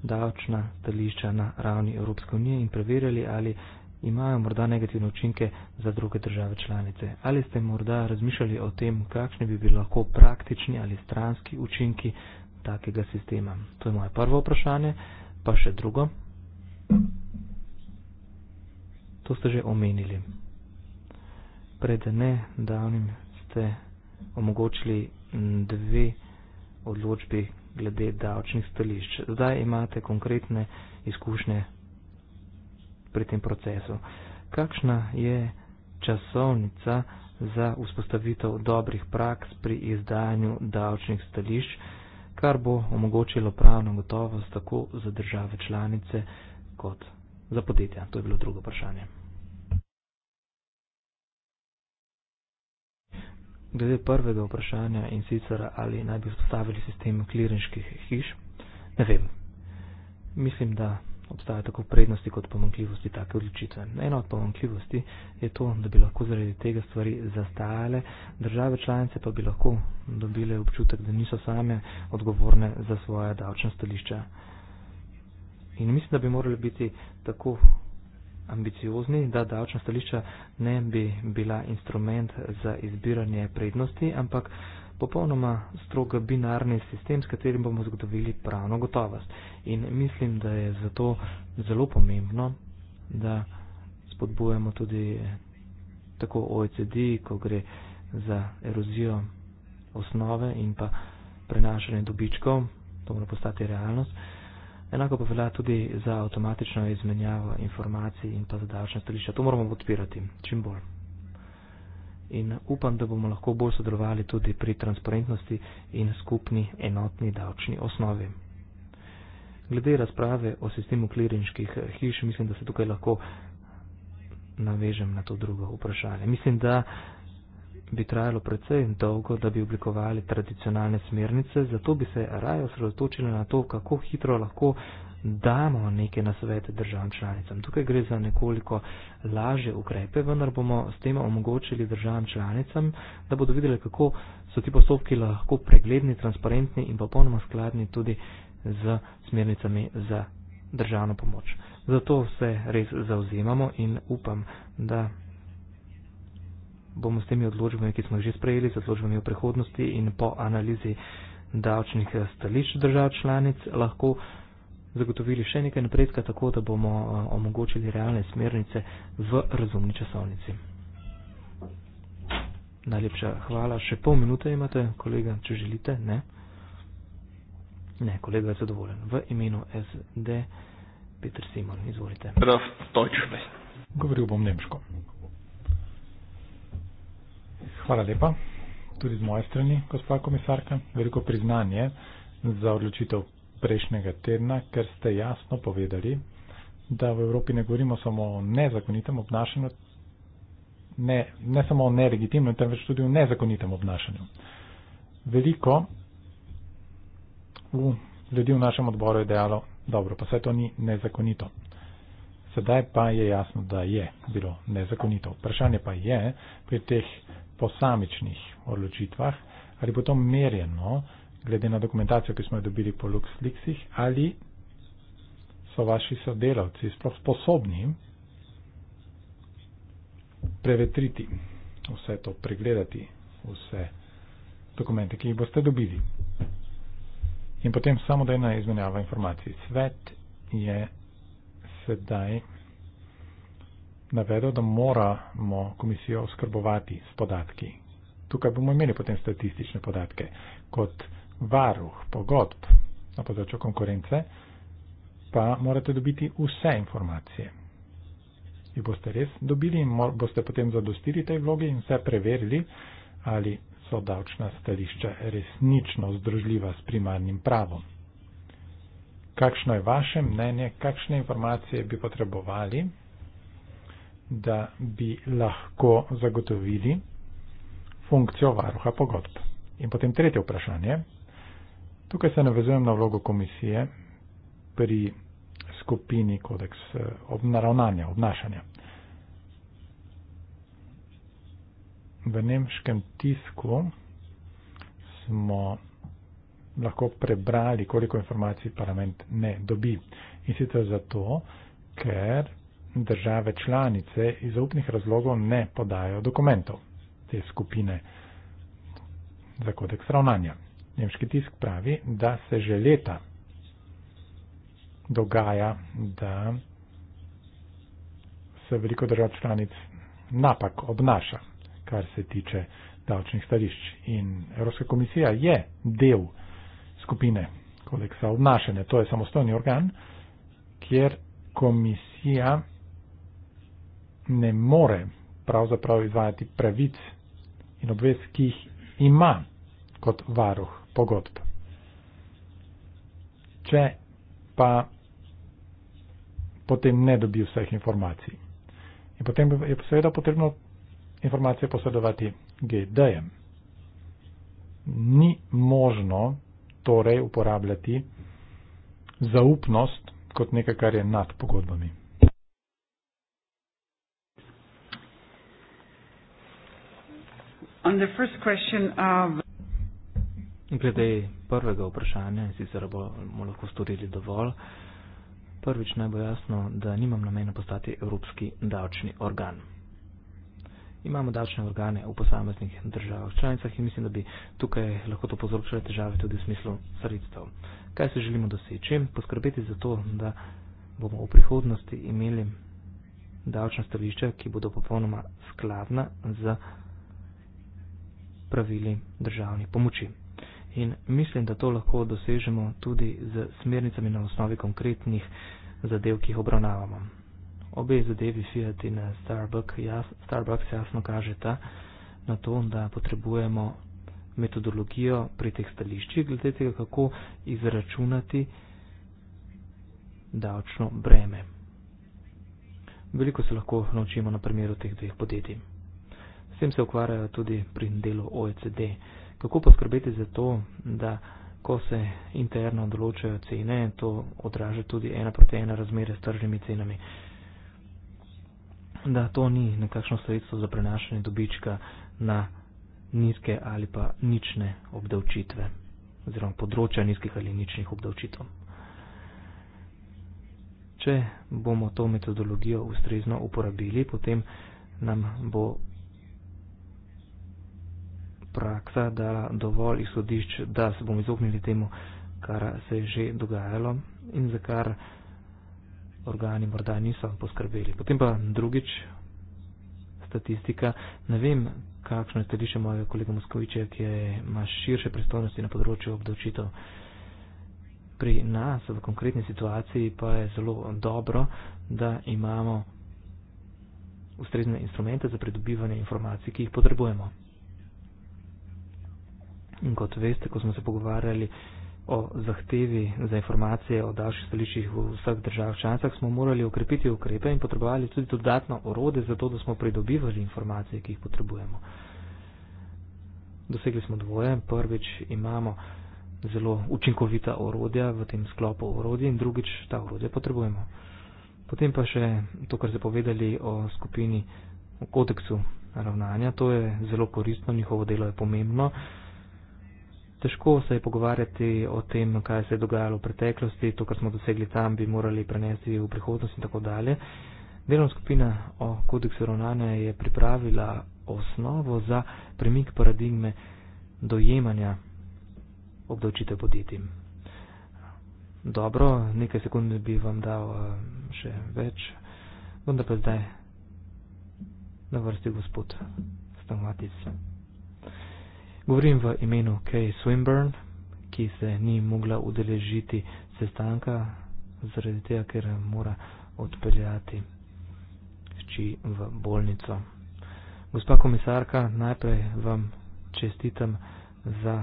davčna stališča na ravni Evropske unije in preverjali, ali imajo morda negativne učinke za druge države članice. Ali ste morda razmišljali o tem, kakšni bi bili lahko praktični ali stranski učinki takega sistema? To je moje prvo vprašanje, pa še drugo. To ste že omenili. Pred nedavnim ste omogočili dve odločbi glede davčnih stališč. Zdaj imate konkretne izkušnje pri tem procesu. Kakšna je časovnica za vzpostavitev dobrih praks pri izdajanju davčnih stališč, kar bo omogočilo pravno gotovost tako za države članice kot za podjetja? To je bilo drugo vprašanje. Glede prvega vprašanja in sicer ali naj bi vzpostavili sistem klirinških hiš, ne vem. Mislim, da obstajajo tako prednosti kot pomankljivosti take odločitve. Ena od pomankljivosti je to, da bi lahko zaradi tega stvari zastajale, države članice pa bi lahko dobile občutek, da niso same odgovorne za svoje davčne stališča. In mislim, da bi morali biti tako ambiciozni, da davčna stališča ne bi bila instrument za izbiranje prednosti, ampak popolnoma strogo binarni sistem, s katerim bomo zagotovili pravno gotovost. In mislim, da je zato zelo pomembno, da spodbujamo tudi eh, tako OECD, ko gre za erozijo osnove in pa prenašanje dobičkov, to mora postati realnost. Enako pa velja tudi za avtomatično izmenjavo informacij in pa za davčne stališča. To moramo podpirati čim bolj in upam, da bomo lahko bolj sodelovali tudi pri transparentnosti in skupni enotni davčni osnovi. Glede razprave o sistemu klirinških hiš, mislim, da se tukaj lahko navežem na to drugo vprašanje. Mislim, da bi trajalo precej dolgo, da bi oblikovali tradicionalne smernice, zato bi se raje osredotočili na to, kako hitro lahko damo neke nasvete državam članicam. Tukaj gre za nekoliko laže ukrepe, vendar bomo s tem omogočili državam članicam, da bodo videli, kako so ti postopki lahko pregledni, transparentni in popolnoma skladni tudi z smernicami za državno pomoč. Zato se res zauzemamo in upam, da bomo s temi odločbami, ki smo jih že sprejeli, z odločbami v prihodnosti in po analizi davčnih stališč držav članic lahko zagotovili še nekaj napredka, tako da bomo eh, omogočili realne smernice v razumni časovnici. Najlepša hvala. Še pol minute imate, kolega, če želite. Ne, ne kolega je zadovoljen. V imenu SD Peter Simon, izvolite. Govoril bom nemško. Hvala lepa. Tudi z moje strani, gospa komisarka, veliko priznanje za odločitev prejšnjega tedna, ker ste jasno povedali, da v Evropi ne govorimo samo o nezakonitem obnašanju, ne, ne samo o nelegitimnem, temveč tudi o nezakonitem obnašanju. Veliko v ljudi v našem odboru je dejalo, dobro, pa vse to ni nezakonito. Sedaj pa je jasno, da je bilo nezakonito. Vprašanje pa je pri teh posamičnih odločitvah, ali bo to merjeno, glede na dokumentacijo, ki smo jo dobili po LuxLeaksih, ali so vaši sodelavci sploh sposobni prevetriti vse to, pregledati vse dokumente, ki jih boste dobili. In potem samo da ena izmenjava informacij. Svet je sedaj navedel, da moramo komisijo oskrbovati s podatki. Tukaj bomo imeli potem statistične podatke. Kot varuh pogodb na področju konkurence, pa morate dobiti vse informacije. Vi boste res dobili in boste potem zadostili tej vlogi in vse preverili, ali so davčna stališča resnično združljiva s primarnim pravom. Kakšno je vaše mnenje, kakšne informacije bi potrebovali, da bi lahko zagotovili funkcijo varuha pogodb? In potem tretje vprašanje, Tukaj se navezujem na vlogo komisije pri skupini kodeks eh, naravnanja, obnašanja. V nemškem tisku smo lahko prebrali, koliko informacij parlament ne dobi. In sicer zato, ker države članice iz upnih razlogov ne podajo dokumentov te skupine za kodeks ravnanja. Nemški tisk pravi, da se že leta dogaja, da se veliko držav članic napak obnaša, kar se tiče davčnih starišč. In Evropska komisija je del skupine kodeksa obnašanja, to je samostojni organ, kjer komisija ne more pravzaprav izvajati pravic in obvez, ki jih ima kot varuh pogodb. Če pa potem ne dobi vseh informacij. In potem je seveda potrebno informacije posredovati GD-jem. Ni možno torej uporabljati zaupnost kot nekaj, kar je nad pogodbami. On the first question of Glede prvega vprašanja, sicer bomo lahko storili dovolj, prvič naj bo jasno, da nimam namena postati evropski davčni organ. Imamo davčne organe v posameznih državah članicah in mislim, da bi tukaj lahko to povzročilo težave tudi v smislu sredstev. Kaj se želimo doseči? Poskrbeti za to, da bomo v prihodnosti imeli davčna stališča, ki bodo popolnoma skladna z pravili državnih pomoči in mislim, da to lahko dosežemo tudi z smernicami na osnovi konkretnih zadev, ki jih obravnavamo. Obe zadevi Fiat in eh, Starbucks, jas, Starbucks jasno kažeta na to, da potrebujemo metodologijo pri teh stališčih, glede tega, kako izračunati davčno breme. Veliko se lahko naučimo na primeru teh dveh podjetij. S tem se ukvarjajo tudi pri delu OECD kako poskrbeti za to, da ko se interno določajo cene, to odraža tudi ena proti ena razmere s tržnimi cenami. Da to ni nekakšno sredstvo za prenašanje dobička na nizke ali pa nične obdavčitve oziroma področja nizkih ali ničnih obdavčitev. Če bomo to metodologijo ustrezno uporabili, potem nam bo praksa, da dovolj izhodišč, da se bomo izognili temu, kar se je že dogajalo in za kar organi morda niso poskrbeli. Potem pa drugič, statistika. Ne vem, kakšno je stališče mojega kolega Moskoviča, ki ima širše pristojnosti na področju obdavčitev. Pri nas v konkretni situaciji pa je zelo dobro, da imamo ustrezne instrumente za pridobivanje informacij, ki jih potrebujemo. In kot veste, ko smo se pogovarjali o zahtevi za informacije o davčnih stališčih v vseh državah članicah, smo morali ukrepiti ukrepe in potrebovali tudi dodatno orode za to, da smo pridobivali informacije, ki jih potrebujemo. Dosegli smo dvoje. Prvič imamo zelo učinkovita orodja v tem sklopu orodja in drugič ta orodja potrebujemo. Potem pa še to, kar ste povedali o skupini, o kodeksu ravnanja. To je zelo koristno, njihovo delo je pomembno. Težko se je pogovarjati o tem, kaj se je dogajalo v preteklosti, to, kar smo dosegli tam, bi morali prenesti v prihodnost in tako dalje. Delovna skupina o kodeksu ravnanja je pripravila osnovo za premik paradigme dojemanja obdavčitev podjetij. Dobro, nekaj sekund bi vam dal eh, še več, vendar pa zdaj na vrsti gospod Stamatic. Govorim v imenu Kay Swinburne, ki se ni mogla udeležiti sestanka zaradi tega, ker mora odpeljati hči v bolnico. Gospa komisarka, najprej vam čestitam za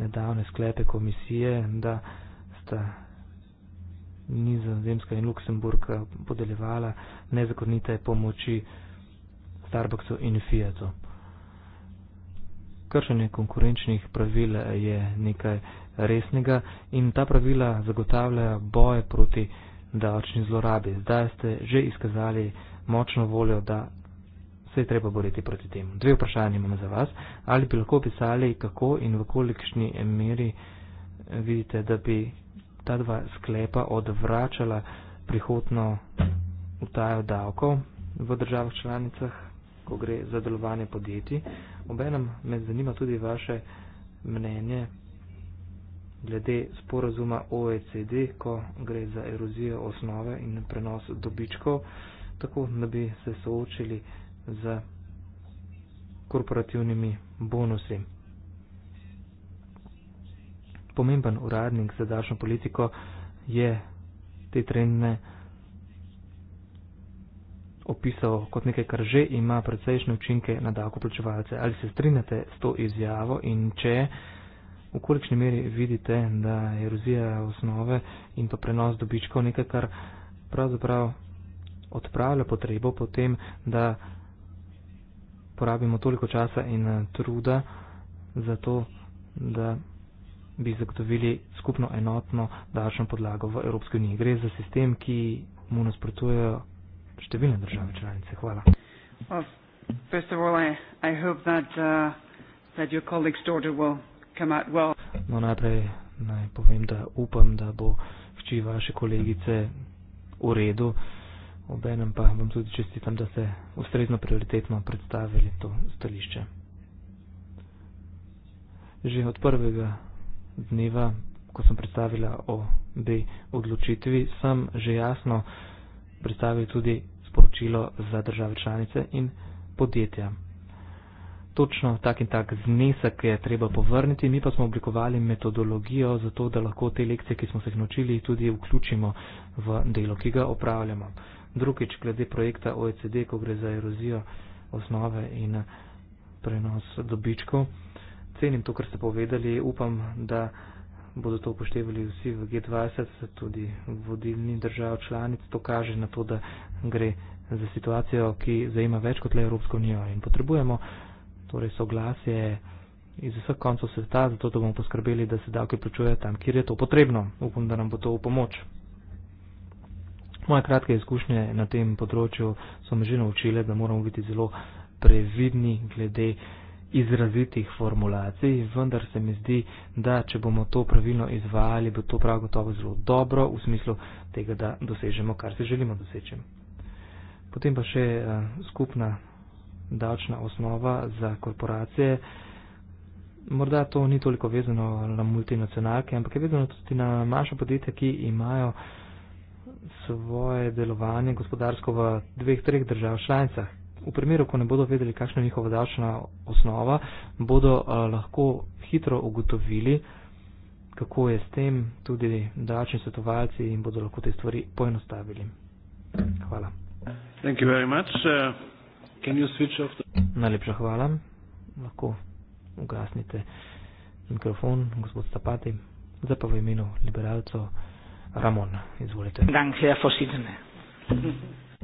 nedavne sklepe komisije, da sta Nizozemska in Luksemburg podeljevala nezakonite pomoči Starbucksu in Fiatu kršenje konkurenčnih pravil je nekaj resnega in ta pravila zagotavljajo boje proti davčni zlorabi. Zdaj ste že izkazali močno voljo, da se je treba boriti proti temu. Dve vprašanje imam za vas. Ali bi lahko pisali, kako in v kolikšni meri vidite, da bi ta dva sklepa odvračala prihodno utajo davkov v državah članicah? ko gre za delovanje podjetij. Obenem me zanima tudi vaše mnenje glede sporazuma OECD, ko gre za erozijo osnove in prenos dobičkov, tako da bi se soočili z korporativnimi bonusi. Pomemben uradnik za dašno politiko je te trenje opisal kot nekaj, kar že ima precejšnje učinke na davkoplačevalce. Ali se strinjate s to izjavo in če v kolikšni meri vidite, da je erozija osnove in pa prenos dobičkov nekaj, kar pravzaprav odpravlja potrebo po tem, da porabimo toliko časa in eh, truda za to, da bi zagotovili skupno enotno davčno podlago v Evropski uniji. Gre za sistem, ki mu nasprotujejo številne države članice. Hvala. Uh, no, najprej naj povem, da upam, da bo hči vaše kolegice v redu. Obenem pa vam tudi čestitam, da ste ustrezno prioritetno predstavili to stališče. Že od prvega dneva, ko sem predstavila o B odločitvi, sem že jasno predstavil tudi sporočilo za države članice in podjetja. Točno tak in tak znesek je treba povrniti, mi pa smo oblikovali metodologijo za to, da lahko te lekcije, ki smo se jih naučili, tudi vključimo v delo, ki ga opravljamo. Drugič, glede projekta OECD, ko gre za erozijo osnove in prenos dobičkov, cenim to, kar ste povedali, upam, da bodo to upoštevali vsi v G20, tudi vodilni držav članic. To kaže na to, da gre za situacijo, ki zajema več kot le Evropsko unijo in potrebujemo torej soglasje iz vseh koncev sveta, zato da bomo poskrbeli, da se davke plačuje tam, kjer je to potrebno. Upam, da nam bo to v pomoč. Moje kratke izkušnje na tem področju so me že naučile, da moramo biti zelo previdni glede izrazitih formulacij, vendar se mi zdi, da če bomo to pravilno izvajali, bo to prav gotovo zelo dobro v smislu tega, da dosežemo, kar si želimo doseči. Potem pa še eh, skupna davčna osnova za korporacije. Morda to ni toliko vezano na multinacionalke, ampak je vezano tudi na manjša podjetja, ki imajo svoje delovanje gospodarsko v dveh, treh držav članicah v primeru, ko ne bodo vedeli, kakšna je njihova davčna osnova, bodo eh, lahko hitro ugotovili, kako je s tem, tudi davčni svetovalci in bodo lahko te stvari poenostavili. Hvala. Uh, Najlepša hvala. Lahko ugasnite mikrofon, gospod Stapati. Zdaj pa v imenu liberalcev Ramon. Izvolite. Danke, ja,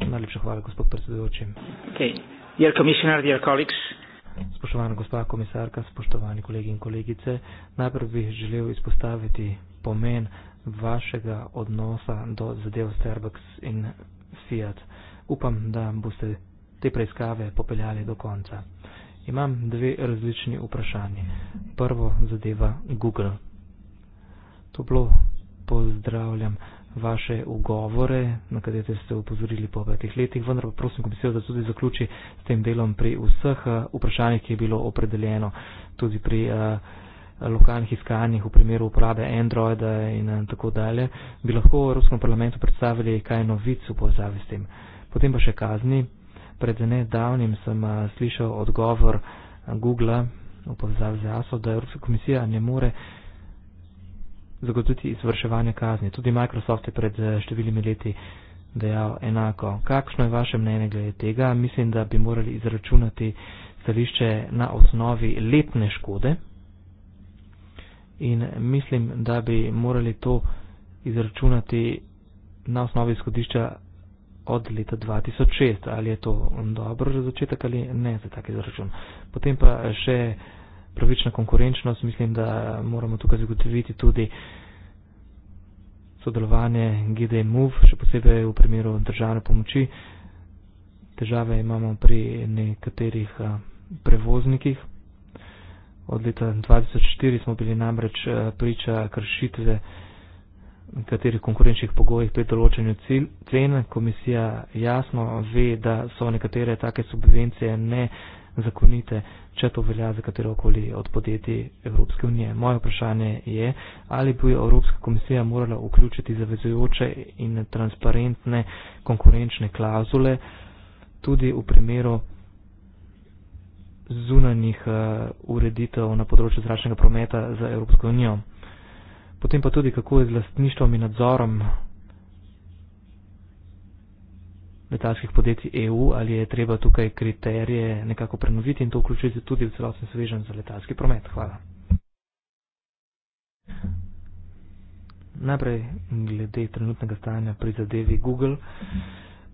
Najlepša hvala, gospod predsedujoči. Okay. Spoštovana gospa komisarka, spoštovani kolegi in kolegice, najprej bi želel izpostaviti pomen vašega odnosa do zadev Starbucks in Fiat. Upam, da boste te preiskave popeljali do konca. Imam dve različni vprašanji. Prvo zadeva Google. Toplo pozdravljam vaše ugovore, na katere ste upozorili po petih letih, vendar pa prosim komisijo, da tudi zaključi s tem delom pri vseh eh, vprašanjih, ki je bilo opredeljeno tudi pri eh, lokalnih iskanjih v primeru uporabe Androida in eh, tako dalje, bi lahko v Evropskem parlamentu predstavili kaj novic v povezavi s tem. Potem pa še kazni. Pred nedavnim sem slišal odgovor Google v povezavi z e ASO, da Evropska komisija ne more zagotoviti izvrševanje kazni. Tudi Microsoft je pred eh, številimi leti dejal enako. Kakšno je vaše mnenje glede tega? Mislim, da bi morali izračunati stališče na osnovi letne škode in mislim, da bi morali to izračunati na osnovi izhodišča od leta 2006. Ali je to dobro za začetek ali ne za tak izračun. Potem pa še pravična konkurenčnost, mislim, da moramo tukaj zagotoviti tudi sodelovanje GDE MOV, še posebej v primeru državne pomoči. Težave imamo pri nekaterih eh, prevoznikih. Od leta 2004 smo bili namreč eh, priča kršitve katerih konkurenčnih pogojih pri določanju cilj, cen. Komisija jasno ve, da so nekatere take subvencije nezakonite, če to velja za katero koli od podjetij Evropske unije. Moje vprašanje je, ali bi Evropska komisija morala vključiti zavezujoče in transparentne konkurenčne klauzule tudi v primeru zunanjih eh, ureditev na področju zračnega prometa za Evropsko unijo potem pa tudi kako je z lastništvom in nadzorom letalskih podjetij EU, ali je treba tukaj kriterije nekako prenoviti in to vključiti tudi v celoten svežen za letalski promet. Hvala. Najprej glede trenutnega stanja pri zadevi Google.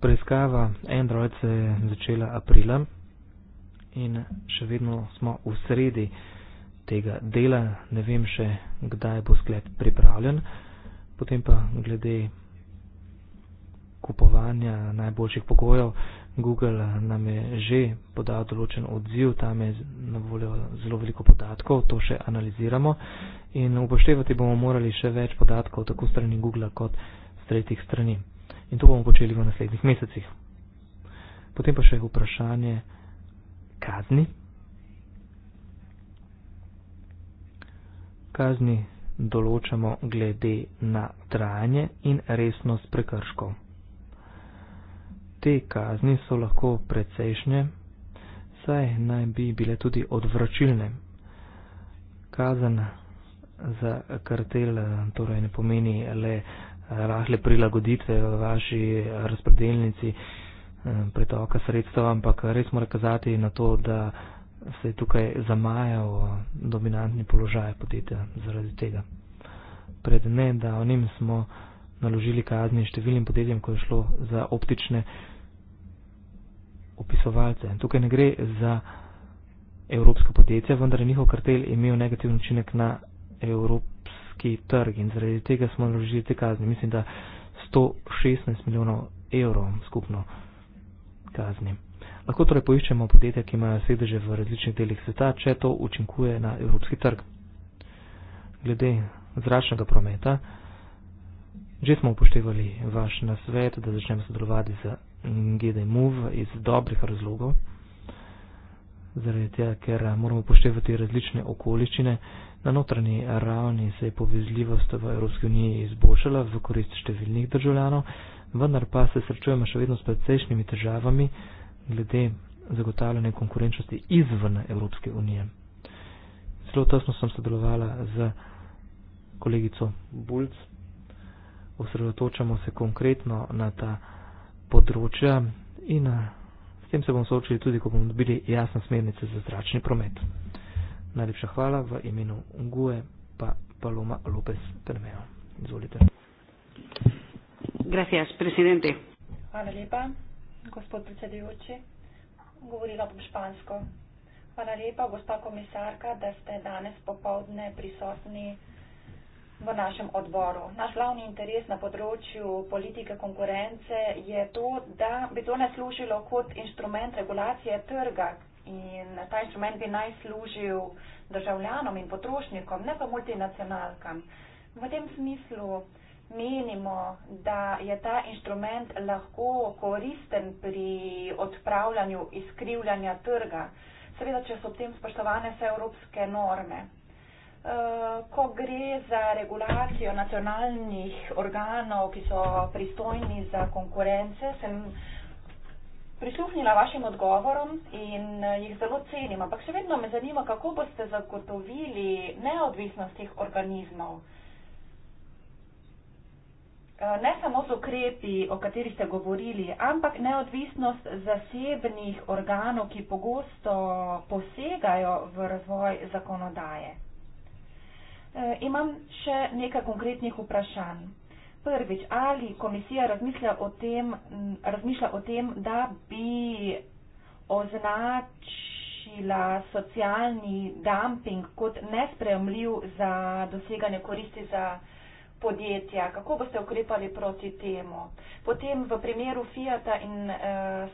Preiskava Android se je začela aprila in še vedno smo v sredi tega dela, ne vem še, kdaj bo sklep pripravljen. Potem pa glede kupovanja najboljših pogojev, Google nam je že podal določen odziv, tam je na voljo zelo veliko podatkov, to še analiziramo in upoštevati bomo morali še več podatkov tako strani Google kot tretjih strani. In to bomo počeli v naslednjih mesecih. Potem pa še vprašanje kazni. kazni določamo glede na trajanje in resnost prekrškov. Te kazni so lahko precejšnje, saj naj bi bile tudi odvračilne. Kazen za kartel torej ne pomeni le eh, rahle prilagoditve v vaši razpredeljnici eh, pretoka sredstva, ampak res mora kazati na to, da se je tukaj zamajal eh, dominantni položaj podjetja zaradi tega. Pred nedavnim smo naložili kazni številnim podjetjem, ko je šlo za optične opisovalce. Tukaj ne gre za evropsko podjetje, vendar je njihov kartel imel negativni učinek na evropski trg in zaradi tega smo naložili te kazni. Mislim, da 116 milijonov evrov skupno kazni. Lahko torej poiščemo podjetja, ki imajo sedeže v različnih delih sveta, če to učinkuje na evropski trg. Glede zračnega prometa, že smo upoštevali vaš nasvet, da začnemo sodelovati z GD Move iz dobrih razlogov, zaradi tega, ker moramo upoštevati različne okoliščine. Na notranji ravni se je povezljivost v Evropski uniji izboljšala v korist številnih državljanov, vendar pa se srečujemo še vedno s precejšnjimi težavami, glede zagotavljanja konkurenčnosti izven Evropske unije. Zelo tesno sem sodelovala z kolegico Bulc. Osredotočamo se konkretno na ta področja in eh, s tem se bomo soočili tudi, ko bomo dobili jasne smernice za zračni promet. Najlepša hvala v imenu Ungue pa Paloma Lopez Permejo. Izvolite. Gracias, presidente. Hvala lepa gospod predsedujoči. Govorila bom špansko. Hvala lepa, gospa komisarka, da ste danes popovdne prisotni v našem odboru. Naš glavni interes na področju politike konkurence je to, da bi to ne služilo kot instrument regulacije trga in ta instrument bi naj služil državljanom in potrošnikom, ne pa multinacionalkam. V tem smislu menimo, da je ta inštrument lahko koristen pri odpravljanju izkrivljanja trga, seveda, če so ob tem spoštovane vse evropske norme. Eh, ko gre za regulacijo nacionalnih organov, ki so pristojni za konkurence, sem prisluhnila vašim odgovorom in eh, jih zelo cenim, ampak še vedno me zanima, kako boste zagotovili neodvisnost teh organizmov. Eh, ne samo z ukrepi, o katerih ste govorili, ampak neodvisnost zasebnih organov, ki pogosto posegajo v razvoj zakonodaje. Eh, imam še nekaj konkretnih vprašanj. Prvič, ali komisija razmišlja o tem, razmišlja o tem da bi označila socialni dumping kot nespremljiv za doseganje koristi za podjetja, kako boste ukrepali proti temu. Potem v primeru Fiata in uh,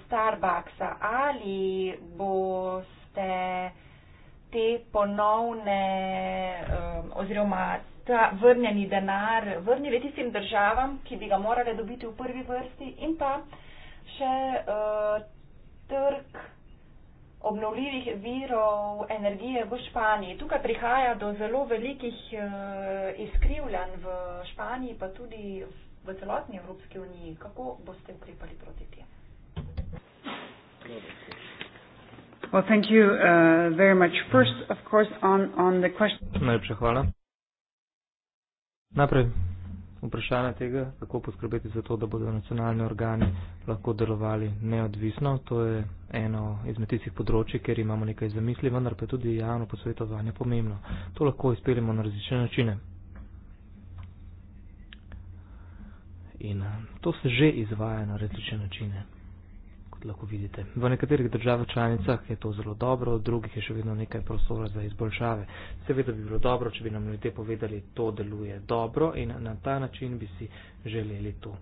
Starbucksa, ali boste te ponovne um, oziroma ta vrnjeni denar vrnili tistim državam, ki bi ga morale dobiti v prvi vrsti in pa še uh, trg obnovljivih virov energije v Španiji. Tukaj prihaja do zelo velikih eh, izkrivljanj v Španiji, pa tudi v celotni Evropski uniji. Kako boste ukrepali proti tem? Well, thank you uh, very much. First, of course, on, on the question. Najprej hvala. Najprej vprašanja tega, kako poskrbeti za to, da bodo nacionalni organi lahko delovali neodvisno. To je eno izmed tistih področji, kjer imamo nekaj zamisli, vendar pa je tudi javno posvetovanje pomembno. To lahko izpeljemo na različne načine. In eh, to se že izvaja na različne načine lahko vidite. V nekaterih državah članicah je to zelo dobro, v drugih je še vedno nekaj prostora za izboljšave. Seveda bi bilo dobro, če bi nam ljudje povedali, to deluje dobro in na ta način bi si želeli to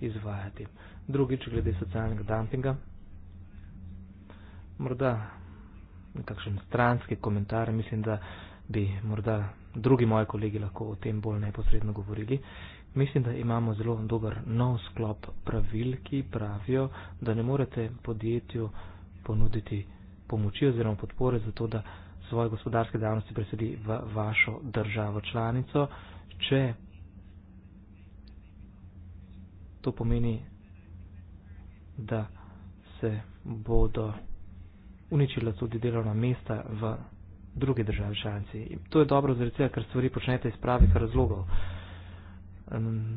izvajati. Drugič, glede socialnega dumpinga, morda nekakšen stranski komentar, mislim, da bi morda drugi moji kolegi lahko o tem bolj neposredno govorili. Mislim, da imamo zelo dober nov sklop pravil, ki pravijo, da ne morete podjetju ponuditi pomoči oziroma podpore za to, da svoje gospodarske dejavnosti preseli v vašo državo članico, če to pomeni, da se bodo uničila tudi delovna mesta v druge države članice. To je dobro, zaradi tega, ker stvari počnete iz pravih razlogov.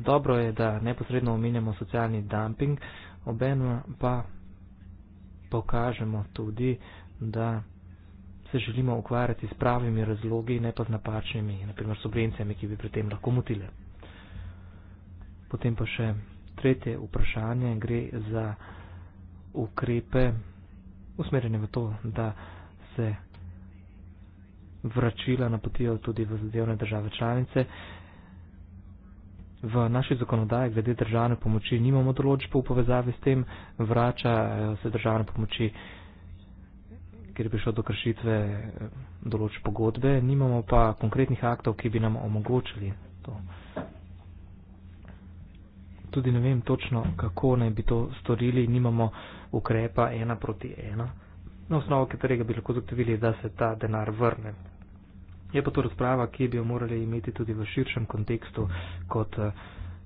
Dobro je, da neposredno omenjamo socialni dumping, oben pa pokažemo tudi, da se želimo ukvarjati s pravimi razlogi, ne pa z napačnimi, naprimer subvencijami, ki bi pri tem lahko motile. Potem pa še tretje vprašanje gre za ukrepe usmerjene v to, da se vračila napotijo tudi v zadevne države članice. V naši zakonodaji glede državne pomoči nimamo določb v povezavi s tem, vrača eh, se državne pomoči, ker bi šlo do kršitve eh, določb pogodbe, nimamo pa konkretnih aktov, ki bi nam omogočili to. Tudi ne vem točno, kako naj bi to storili, nimamo ukrepa ena proti ena, na osnovu katerega bi lahko zagotovili, da se ta denar vrne Je pa to razprava, ki bi jo morali imeti tudi v širšem kontekstu, kot eh,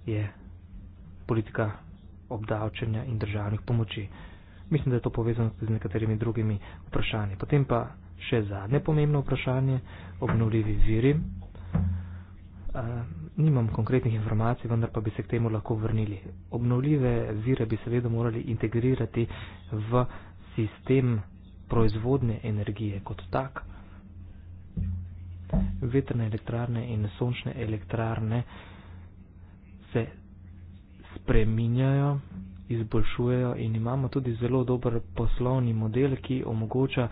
je politika obdavčanja in državnih pomoči. Mislim, da je to povezano tudi z nekaterimi drugimi vprašanji. Potem pa še zadnje pomembno vprašanje, obnovljivi viri. Uh, nimam konkretnih informacij, vendar pa bi se k temu lahko vrnili. Obnovljive vire bi seveda morali integrirati v sistem proizvodne energije kot tako vetrne elektrarne in sončne elektrarne se spreminjajo, izboljšujejo in imamo tudi zelo dober poslovni model, ki omogoča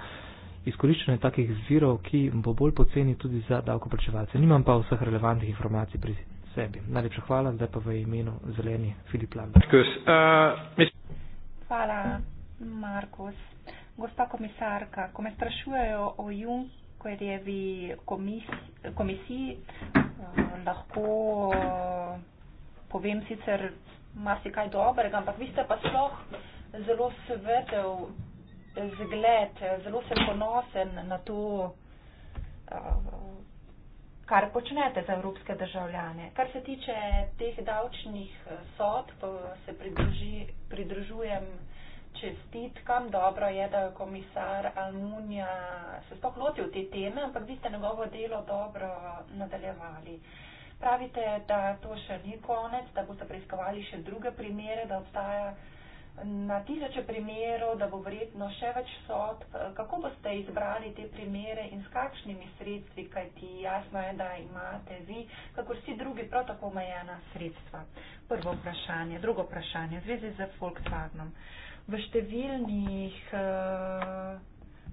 izkoriščanje takih virov, ki bo bolj poceni tudi za davkoplačevalce. Nimam pa vseh relevantnih informacij pri sebi. Najlepša hvala, zdaj pa v imenu zeleni Filip Lambert. Uh, hvala, Markus. Gospa komisarka, ko me sprašujejo o Junku, ker je v komisi, komisiji eh, lahko eh, povem sicer marsikaj dobrega, ampak vi ste pa sploh zelo svetel zgled, zelo sem ponosen na to, eh, kar počnete za evropske državljane. Kar se tiče teh davčnih sodb, se pridruži, pridružujem čestitkam. Dobro je, da je komisar Almunija se sploh lotil te teme, ampak vi ste njegovo delo dobro nadaljevali. Pravite, da to še ni konec, da boste preiskovali še druge primere, da obstaja na tisoče primerov, da bo verjetno še več sod. Kako boste izbrali te primere in s kakšnimi sredstvi, kajti jasno je, da imate vi, kako vsi drugi, prav tako omejena sredstva. Prvo vprašanje, drugo vprašanje, v zvezi z Volkswagenom. Uh, v številnih uh,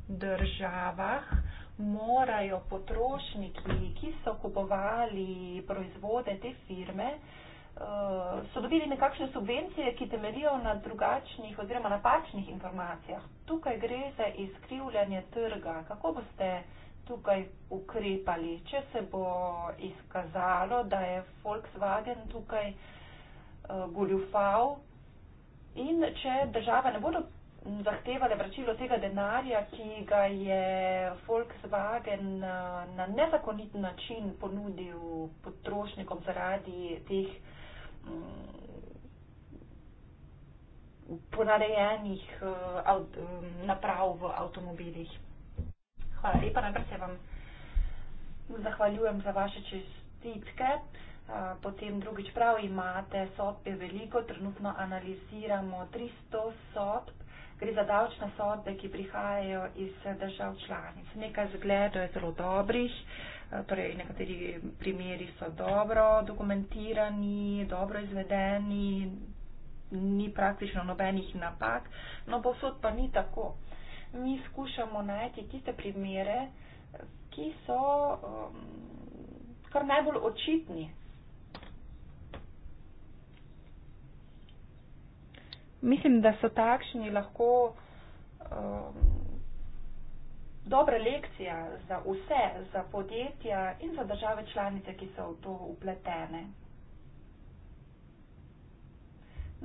državah morajo potrošniki, ki so kupovali proizvode te firme, uh, so dobili nekakšne subvencije, ki temeljijo na drugačnih oziroma napačnih informacijah. Tukaj gre za izkrivljanje trga. Kako boste tukaj ukrepali, če se bo izkazalo, da je Volkswagen tukaj uh, goljufal? In če države ne bodo zahtevale vračilo tega denarja, ki ga je Volkswagen eh, na nezakonit način ponudil potrošnikom zaradi teh mm, ponarejenih eh, eh, naprav v avtomobilih. Hvala lepa, najprej se vam zahvaljujem za vaše čisto citke, potem drugič prav imate, sodbe veliko, trenutno analiziramo 300 sodb, gre za davčne sodbe, ki prihajajo iz eh, držav članic. Nekaj zgledov je zelo dobrih, torej nekateri primeri so dobro dokumentirani, dobro izvedeni, ni praktično nobenih napak, no bo sod pa ni tako. Mi skušamo najti tiste primere, ki so um, kar najbolj očitni. Mislim, da so takšni lahko um, dobra lekcija za vse, za podjetja in za države članice, ki so v to upletene.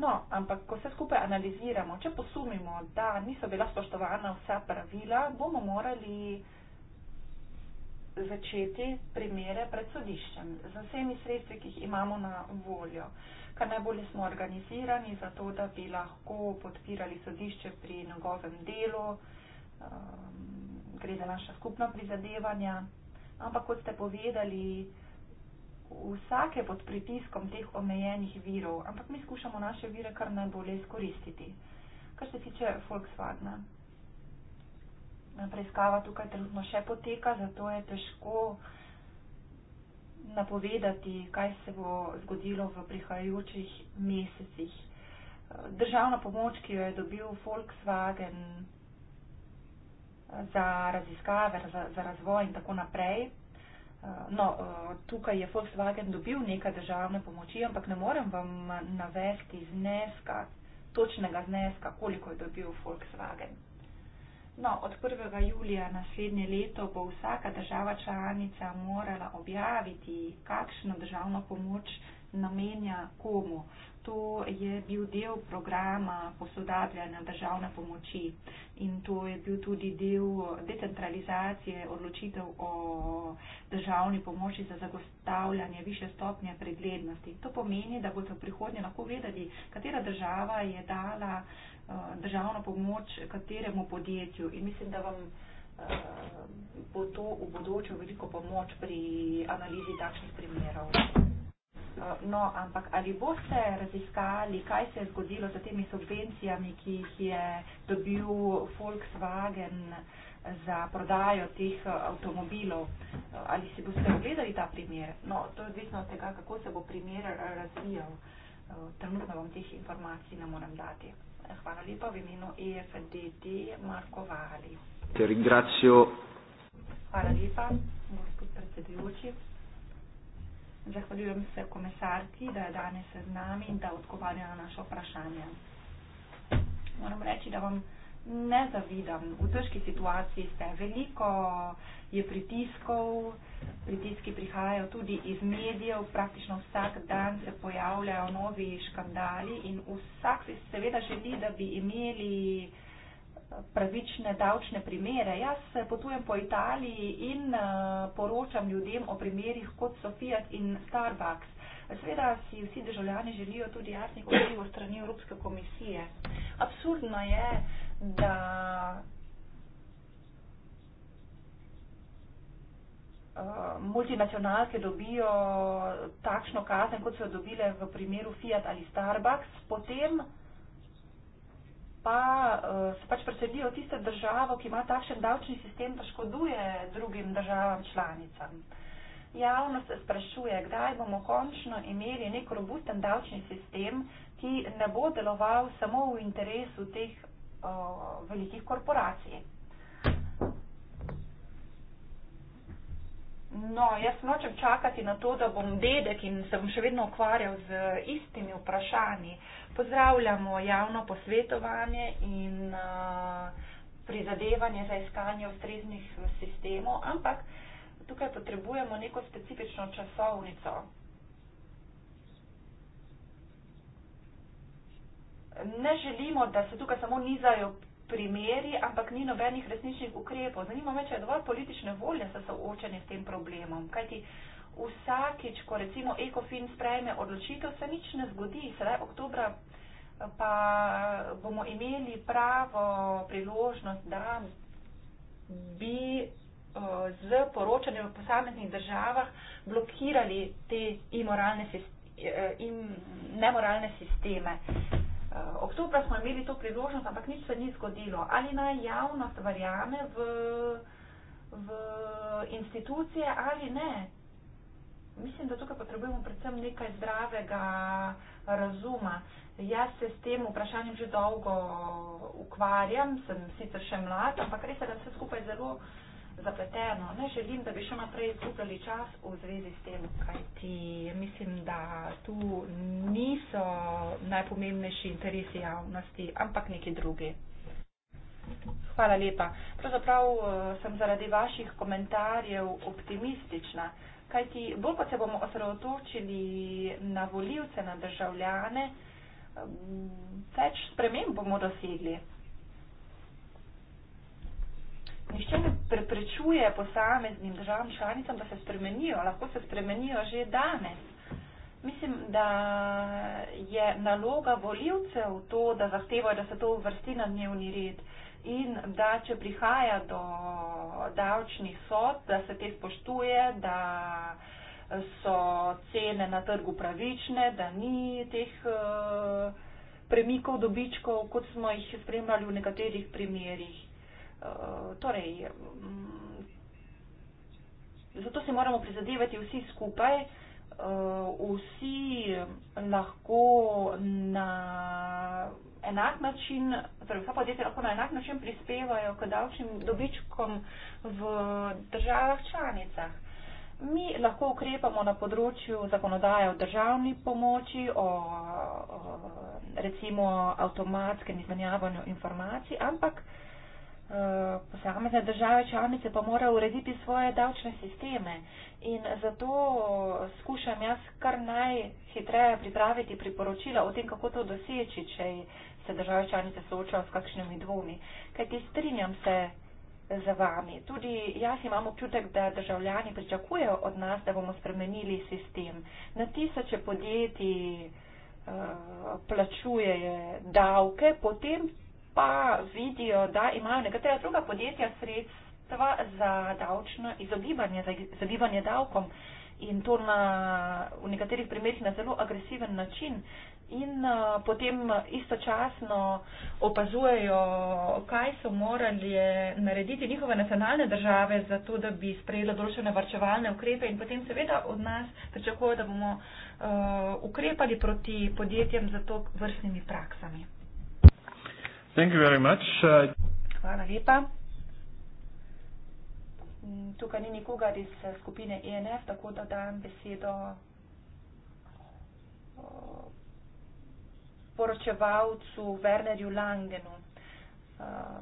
No, ampak ko vse skupaj analiziramo, če posumimo, da niso bila spoštovana vsa pravila, bomo morali uh, začeti primere pred sodiščem z vsemi sredstvi, ki jih imamo na voljo. Kar najbolje smo organizirani za to, da bi lahko podpirali sodišče pri njegovem delu, um, gre za naša skupna prizadevanja, ampak kot ste povedali, vsak je pod pritiskom teh omejenih virov, ampak mi skušamo naše vire kar najbolje izkoristiti. Kar se tiče Volkswagna, preiskava tukaj trenutno še poteka, zato je težko napovedati, kaj se bo zgodilo v prihajajočih mesecih. Državna pomoč, ki jo je dobil Volkswagen za raziskave, za, za razvoj in tako naprej. No, tukaj je Volkswagen dobil nekaj državne pomoči, ampak ne morem vam navesti zneska, točnega zneska, koliko je dobil Volkswagen. No, od 1. julija naslednje leto bo vsaka država članica morala objaviti, kakšno državno pomoč namenja komu. To je bil del programa posodabljanja državne pomoči in to je bil tudi del decentralizacije odločitev o državni pomoči za zagostavljanje više stopnje preglednosti. To pomeni, da boste v prihodnje lahko vedeli, katera država je dala Eh, državno pomoč kateremu podjetju in mislim, da vam eh, bo to v bodoče veliko pomoč pri analizi takšnih primerov. Eh, no, ampak ali boste raziskali, kaj se je zgodilo z temi subvencijami, ki jih je dobil Volkswagen za prodajo teh avtomobilov? Ali si boste ogledali ta primer? No, to je odvisno od tega, kako se bo primer razvijal. Trenutno vam teh informacij ne morem dati. Eh, hvala lepa v imenu EFDD Marko Vali. Te ringrazio. Hvala lepa, gospod predsedujoči. Zahvaljujem se komisarki, da je danes z nami in da odgovarja na naše vprašanje. Moram reči, da vam. Bom ne zavidam. V težki situaciji ste veliko, je pritiskov, pritiski prihajajo tudi iz medijev, praktično vsak dan se pojavljajo novi škandali in vsak si seveda želi, da bi imeli eh, pravične davčne primere. Jaz se eh, potujem po Italiji in eh, poročam ljudem o primerih kot so Fiat in Starbucks. Seveda si vsi državljani želijo tudi jasnih odzivov strani Evropske komisije. Absurdno je, da uh, multinacionalke dobijo takšno kazen, kot so jo dobile v primeru Fiat ali Starbucks, potem pa uh, se pač preselijo tiste državo, ki ima takšen davčni sistem, da škoduje drugim državam članicam. Javnost se sprašuje, kdaj bomo končno imeli nek robusten davčni sistem, ki ne bo deloval samo v interesu teh Eh, velikih korporacij. No, jaz nočem čakati na to, da bom dedek in se bom še vedno ukvarjal z istimi vprašanji. Pozdravljamo javno posvetovanje in uh, prizadevanje za iskanje ustreznih sistemov, ampak tukaj potrebujemo neko specifično časovnico, ne želimo, da se tukaj samo nizajo primeri, ampak ni nobenih resničnih ukrepov. Zanima me, če je dovolj politične volje za soočanje s tem problemom. Kajti vsakič, ko recimo ECOFIN sprejme odločitev, se nič ne zgodi. Sedaj oktobra eh, pa eh, bomo imeli pravo priložnost, da bi z eh, poročanjem v posameznih državah blokirali te imoralne sistem, im, nemoralne sisteme. Eh, oktobra smo imeli to priložnost, ampak nič se ni zgodilo. Ali naj javnost verjame v, v institucije ali ne. Mislim, da tukaj potrebujemo predvsem nekaj zdravega razuma. Jaz se s tem vprašanjem že dolgo ukvarjam, sem sicer še mlad, ampak res je, da vse skupaj zelo uh, zapleteno. Ne želim, da bi še naprej izgubljali čas v zvezi s tem, kaj ti mislim, da tu niso najpomembnejši interesi javnosti, ampak neki drugi. Hvala lepa. Pravzaprav eh, sem zaradi vaših komentarjev optimistična, kaj ti bolj kot se bomo osredotočili na voljivce, na državljane, več sprememb bomo dosegli. Nihče ne preprečuje posameznim državam članicam, da se spremenijo. Lahko se spremenijo že danes. Mislim, da je naloga voljivcev to, da zahtevajo, da se to uvrsti na dnevni red in da če prihaja do davčnih sod, da se te spoštuje, da so cene na trgu pravične, da ni teh eh, premikov dobičkov, kot smo jih spremljali v nekaterih primerjih. Eh, torej, mm, zato se moramo prizadevati vsi skupaj, eh, vsi lahko na enak način, torej vsa podjetja lahko na enak način prispevajo k davčnim dobičkom v državah članicah. Mi lahko ukrepamo na področju zakonodaje o državni pomoči, o, o eh, recimo avtomatskem izmenjavanju informacij, ampak uh, posamezne države članice pa morajo urediti svoje davčne sisteme in zato skušam jaz kar najhitreje pripraviti priporočila o tem, kako to doseči, če se države članice soočajo s kakšnimi dvomi. Kaj ti strinjam se z vami. Tudi jaz imam občutek, da državljani pričakujejo od nas, da bomo spremenili sistem. Na tisoče podjetij uh, eh, plačuje davke, potem pa vidijo, da imajo nekatera druga podjetja sredstva za davčno izogibanje, za izogibanje davkom in to na, v nekaterih primerih na zelo agresiven način. In uh, potem istočasno opazujejo, kaj so morali eh, narediti njihove nacionalne države, zato da bi sprejela določene varčevalne ukrepe in potem seveda od nas pričakujejo, da bomo uh, ukrepali proti podjetjem za to vrstnimi praksami. Thank you very much. Uh, Hvala lepa. Tukaj ni nikogar iz eh, skupine INF, e tako da dajem besedo eh, poročevalcu Wernerju Langenu. Eh,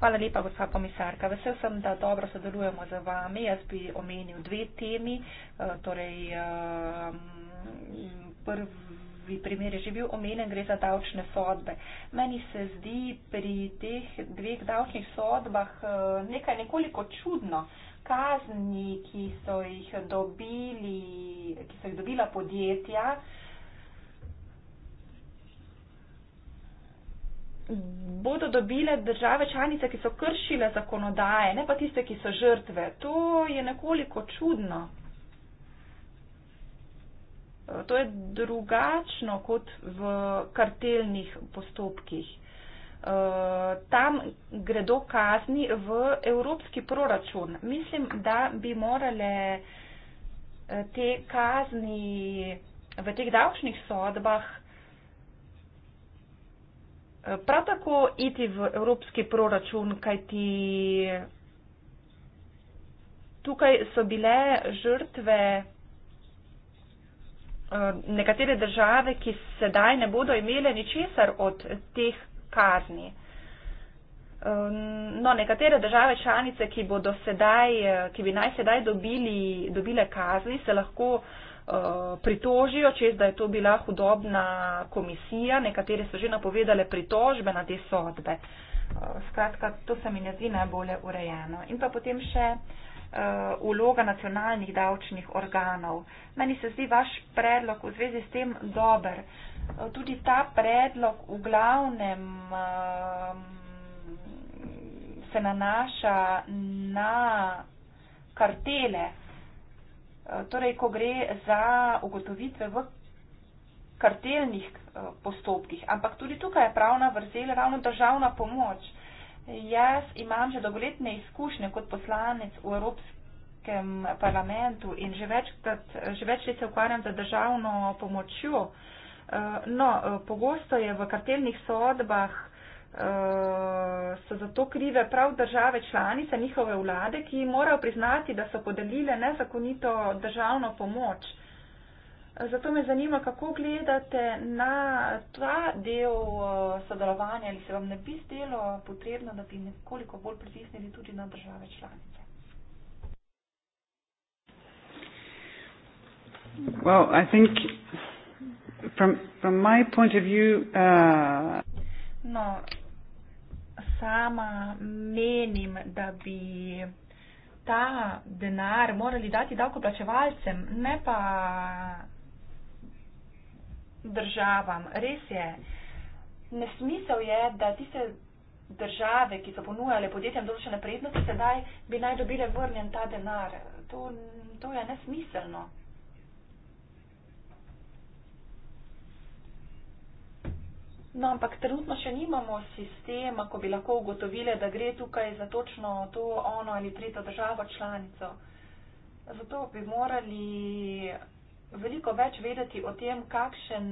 hvala lepa, gospa komisarka. Vesel sem, da dobro sodelujemo z vami. Jaz bi omenil dve temi. Torej, prv, primer je že bil omenjen, gre za davčne sodbe. Meni se zdi pri teh dveh davčnih sodbah eh, nekaj nekoliko čudno. Kazni, ki so jih, dobili, ki so jih dobila podjetja, bodo dobile države članice, ki so kršile zakonodaje, ne pa tiste, ki so žrtve. To je nekoliko čudno. To je drugačno kot v kartelnih postopkih. Eh, tam gredo kazni v evropski proračun. Mislim, da bi morale eh, te kazni v teh davčnih sodbah eh, prav tako iti v evropski proračun, kajti tukaj so bile žrtve Eh, nekatere države, ki sedaj ne bodo imele ničesar od teh kazni. Eh, no, nekatere države članice, ki, sedaj, eh, ki bi naj sedaj dobili, dobile kazni, se lahko uh, pritožijo, čez da je to bila hudobna komisija. Nekatere so že napovedale pritožbe na te sodbe. Uh, skratka, to se mi ne zdi najbolje urejeno. In pa potem še uh, uh, vloga nacionalnih davčnih organov. Meni se zdi vaš predlog v zvezi s tem dober. Eh, tudi ta predlog v glavnem uh, se nanaša na kartele. Torej, ko gre za ugotovitve v kartelnih postopkih, ampak tudi tukaj je pravna vrzel ravno državna pomoč. Jaz imam že dolgoletne izkušnje kot poslanec v Evropskem parlamentu in že več, krat, že več let se ukvarjam za državno pomočjo. Eh, no, eh, pogosto je v kartelnih sodbah eh, so zato krive prav države članice, njihove vlade, ki morajo priznati, da so podelile nezakonito državno pomoč. Zato me zanima, kako gledate na ta del eh, sodelovanja, ali se vam ne bi zdelo potrebno, da bi nekoliko bolj pritisnili tudi na države članice. Well, I think from, from my point of view. Uh... No, sama menim, da bi ta denar morali dati davkoplačevalcem, ne pa državam. Res je, nesmisel je, da tiste države, ki so ponujale podjetjem določene prednosti, sedaj bi naj dobile vrnjen ta denar. To, to je nesmiselno. No, ampak trenutno še nimamo sistema, ko bi lahko ugotovile, da gre tukaj za točno to ono ali tretjo državo članico. Zato bi morali veliko več vedeti o tem, kakšen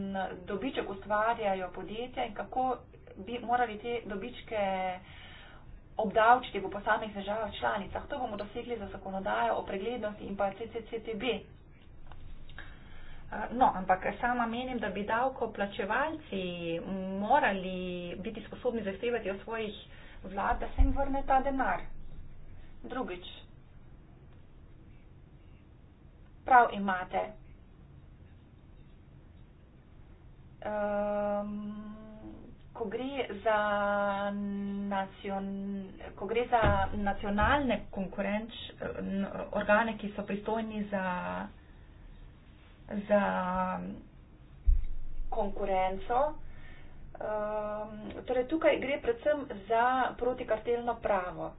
dobiček ustvarjajo podjetja in kako bi morali te dobičke obdavčiti v posameznih državah članicah. To bomo dosegli za zakonodajo o preglednosti in pa CCCTB. Eh, no, ampak sama menim, da bi davkoplačevalci morali biti sposobni zahtevati od svojih vlad, da se jim vrne ta denar. Drugič. Prav imate. Ehm, ko gre za, nacion, ko gre za nacionalne konkurenč, eh, organe, ki so pristojni za, za konkurenco, um, torej tukaj gre predvsem za protikartelno pravo.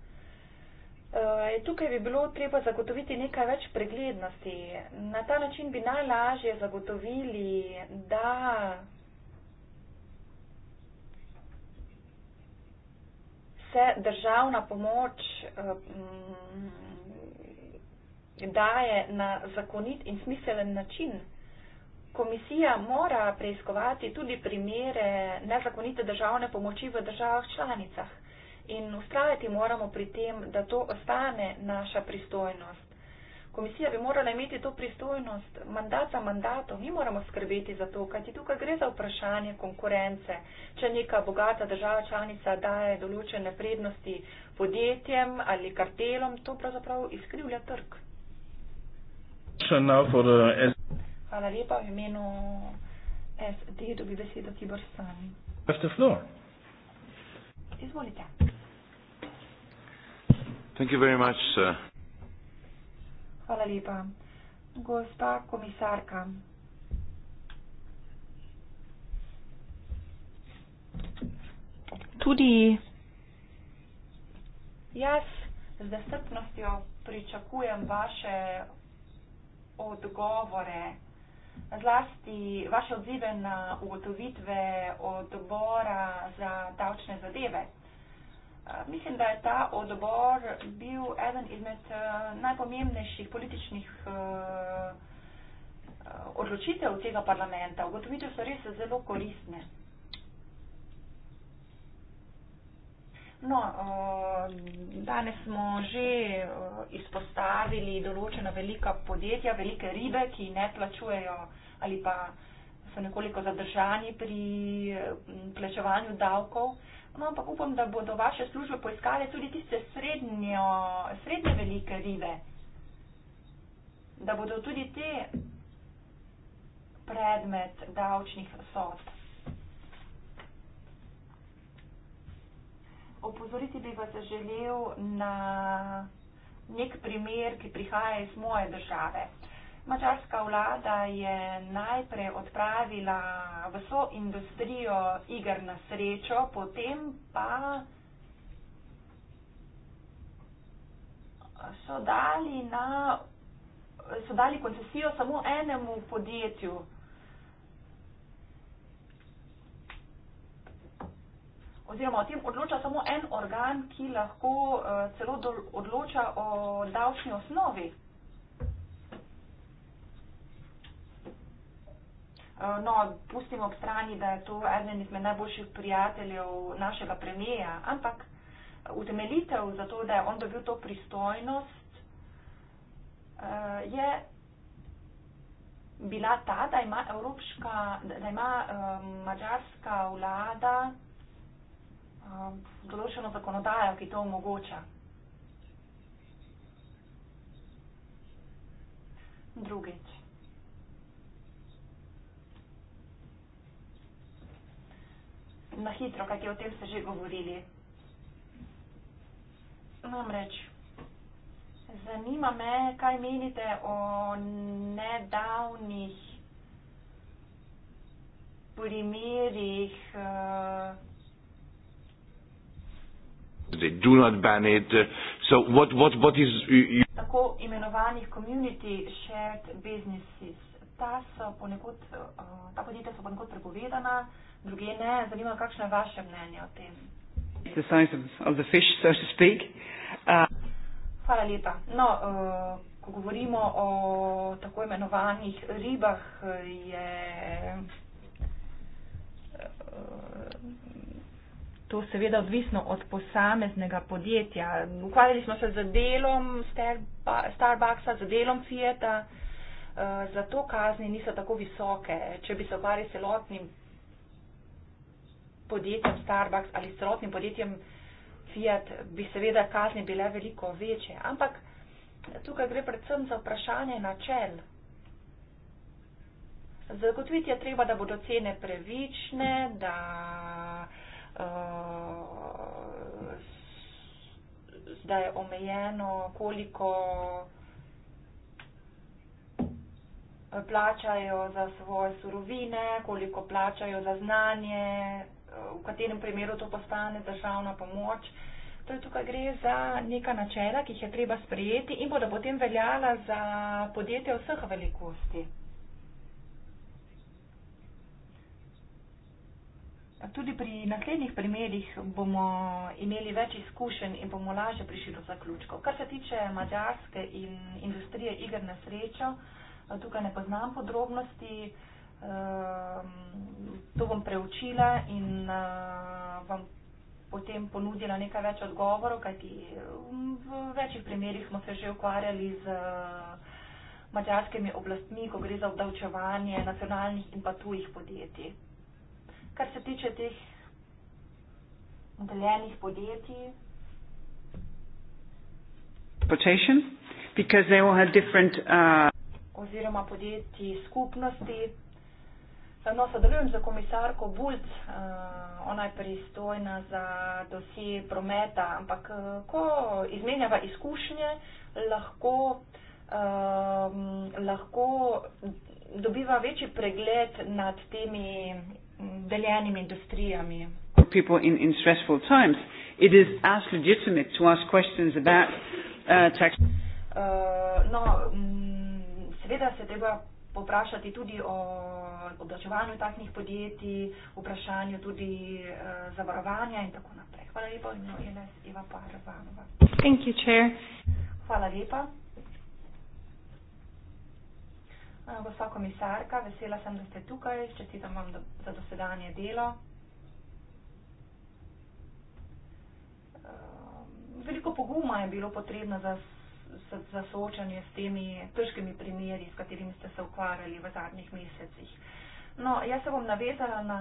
Uh, tukaj bi bilo treba zagotoviti nekaj več preglednosti. Na ta način bi najlažje zagotovili, da se državna pomoč eh, mm, daje na zakonit in smiselen način. Komisija mora preiskovati tudi primere nezakonite državne pomoči v državah članicah in ustrajati moramo pri tem, da to ostane naša pristojnost. Komisija bi morala imeti to pristojnost mandat za mandatom, mi moramo skrbeti za to, kajti tukaj gre za vprašanje konkurence. Če neka bogata država članica daje določene prednosti podjetjem ali kartelom, to pravzaprav izkrivlja trg. Hvala lepa, v imenu SD dobi besedo Tibor Sani. Izvolite. Thank you very much, sir. Hvala lepa. Gospa komisarka. Tudi jaz z zasrpnostjo pričakujem vaše odgovore, zlasti vaše odzive na ugotovitve odbora za davčne zadeve. Mislim, da je ta odbor bil eden izmed uh, najpomembnejših političnih uh, odločitev tega parlamenta. Ugotovitev so res zelo koristne. No, uh, danes smo že uh, izpostavili določena velika podjetja, velike ribe, ki ne plačujejo ali pa so nekoliko zadržani pri plačevanju davkov. Uh, no, ampak upam, da bodo vaše službe poiskale tudi tiste srednjo, srednje velike ribe, da bodo tudi te predmet davčnih sod. Opozoriti bi vas želel na nek primer, ki prihaja iz moje države. Mačarska vlada je najprej odpravila vso industrijo igr na srečo, potem pa so dali, na, so dali koncesijo samo enemu podjetju. Oziroma, o tem odloča samo en organ, ki lahko eh, celo odloča o davčni osnovi. Eh, no, pustimo ob strani, da je to eden izmed najboljših prijateljev našega premijeja, ampak utemeljitev za to, da je on dobil to pristojnost, eh, je bila ta, da ima, evropska, da ima eh, mađarska vlada določeno zakonodajo, ki to omogoča. Drugič. na hitro, kajti o tem ste že govorili. Namreč, zanima me, kaj menite o nedavnih primerih. Uh, do not ban it. So what, what, what is, tako imenovanih community shared businesses ta, ponekod, eh, ta podjetja so ponekod prepovedana, druge ne. Zanima, kakšno je vaše mnenje o tem? Of, of fish, so uh. Hvala lepa. No, eh, ko govorimo o tako imenovanih ribah, je eh, to seveda odvisno od posameznega podjetja. Ukvarjali smo se z delom Starbucksa, z delom Fieta. Eh, zato kazni niso tako visoke. Če bi se ukvarjali celotnim podjetjem Starbucks ali celotnim podjetjem Fiat, bi seveda kazni bile veliko večje. Ampak tukaj gre predvsem za vprašanje načel. Zagotoviti je treba, da bodo cene prevične, da uh, je omejeno, koliko plačajo za svoje surovine, koliko plačajo za znanje, v katerem primeru to postane državna pomoč. To je tukaj gre za neka načela, ki jih je treba sprejeti in bodo potem veljala za podjetje vseh velikosti. Tudi pri naslednjih primerjih bomo imeli več izkušenj in bomo lažje prišli do zaključkov. Kar se tiče mađarske in industrije igr na srečo, uh, Eh, tukaj ne poznam podrobnosti, ehm, to bom preučila in eh, vam potem ponudila nekaj več odgovorov, kajti mm, v večjih primerjih smo se že ukvarjali z eh, mađarskimi oblastmi, ko gre za obdavčevanje nacionalnih in pa tujih podjetij. Kar se tiče teh deljenih podjetij. Potation, because they all have different uh oziroma podjetji skupnosti. No, sodelujem za komisarko Bult, eh, ona je pristojna za dosje prometa, ampak eh, ko izmenjava izkušnje, lahko, ehm, lahko dobiva večji pregled nad temi deljenimi industrijami. In, in times, uh, eh, no, Seveda se treba poprašati tudi o obdačevanju takšnih podjetij, vprašanju tudi uh, zavarovanja in tako naprej. Hvala lepa, imenuje se Eva Parvanova. Thank you, chair. Hvala lepa. Eh, gospa komisarka, vesela sem, da ste tukaj. Čestitam vam do, za dosedanje delo. Eh, veliko poguma je bilo potrebno za za soočanje s temi težkimi primeri, s katerimi ste se ukvarjali v zadnjih mesecih. No, jaz se bom navezala na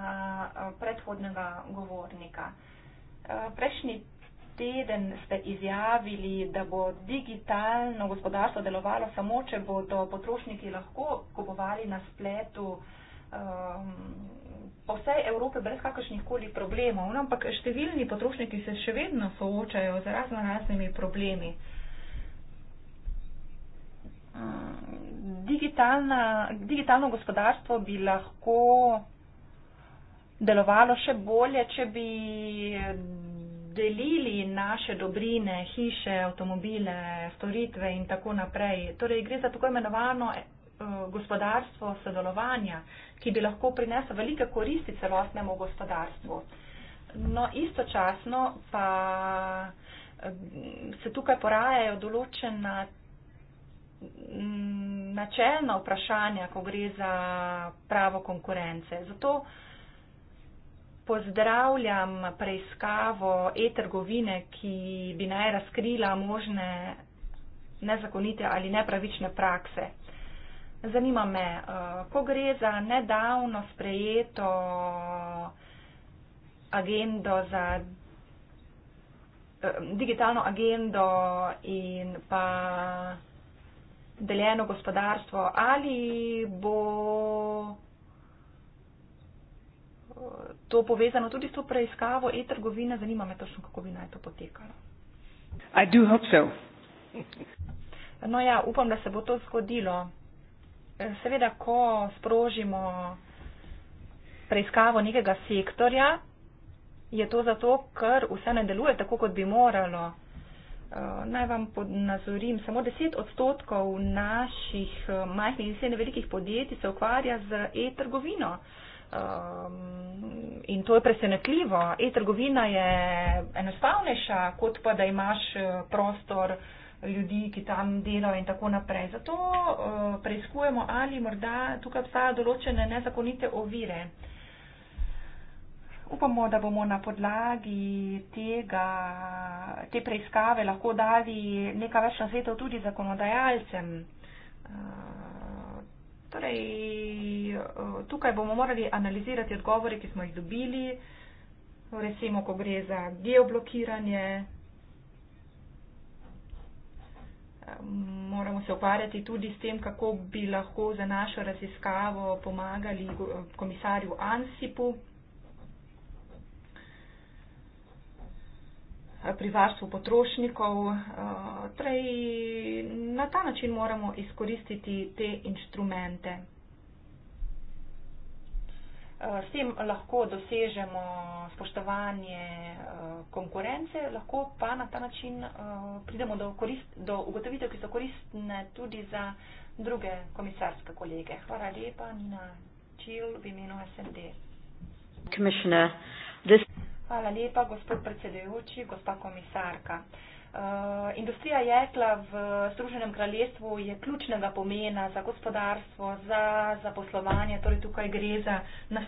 eh, predhodnega govornika. Eh, prejšnji teden ste izjavili, da bo digitalno gospodarstvo delovalo samo, če bodo potrošniki lahko kupovali na spletu um, po vsej Evropi brez kakršnih koli problemov. No, ampak številni potrošniki se še vedno soočajo z razno raznimi problemi digitalna, digitalno gospodarstvo bi lahko delovalo še bolje, če bi delili naše dobrine, hiše, avtomobile, storitve in tako naprej. Torej, gre za tako imenovano eh, gospodarstvo sodelovanja, ki bi lahko prineslo velike koristi celostnemu gospodarstvu. No, istočasno pa eh, se tukaj porajajo določena Mm, načeljna vprašanja, ko gre za pravo konkurence. Zato pozdravljam preiskavo e-trgovine, ki bi naj razkrila možne nezakonite ali nepravične prakse. Zanima me, eh, ko gre za nedavno sprejeto agendo za eh, digitalno agendo in pa deljeno gospodarstvo ali bo eh, to povezano tudi s to preiskavo e-trgovine, zanima me točno, kako bi naj to potekalo. I do hope so. No ja, upam, da se bo to zgodilo. Eh, seveda, ko sprožimo preiskavo nekega sektorja, je to zato, ker vse ne deluje tako, kot bi moralo. Eh, naj vam podnazorim, samo 10 odstotkov naših eh, majhnih in srednje velikih podjetij se ukvarja z e-trgovino. Um, in to je presenetljivo. E-trgovina je enostavnejša, kot pa da imaš eh, prostor ljudi, ki tam delajo in tako naprej. Zato uh, preizkujemo, ali morda tukaj obstajajo določene nezakonite ovire. Uh, upamo, da bomo na podlagi tega, te preiskave lahko dali nekaj več nasvetov tudi zakonodajalcem. Eh, torej, eh, tukaj bomo morali analizirati odgovore, ki smo jih dobili, recimo, ko gre za geoblokiranje. Eh, moramo se ukvarjati tudi s tem, kako bi lahko za našo raziskavo pomagali komisarju Ansipu. Eh, pri varstvu potrošnikov. Eh, torej, na ta način moramo izkoristiti te inštrumente. Eh, s tem lahko dosežemo spoštovanje konkurence, lahko pa na ta način pridemo do, korist, do ugotovitev, ki so koristne tudi za druge komisarske kolege. Hvala lepa, Nina Čil v imenu SND. Commissioner, this Hvala lepa, gospod predsedujoči, gospa komisarka. Uh, industrija jekla v Združenem kraljestvu je ključnega pomena za gospodarstvo, za zaposlovanje, torej tukaj gre za na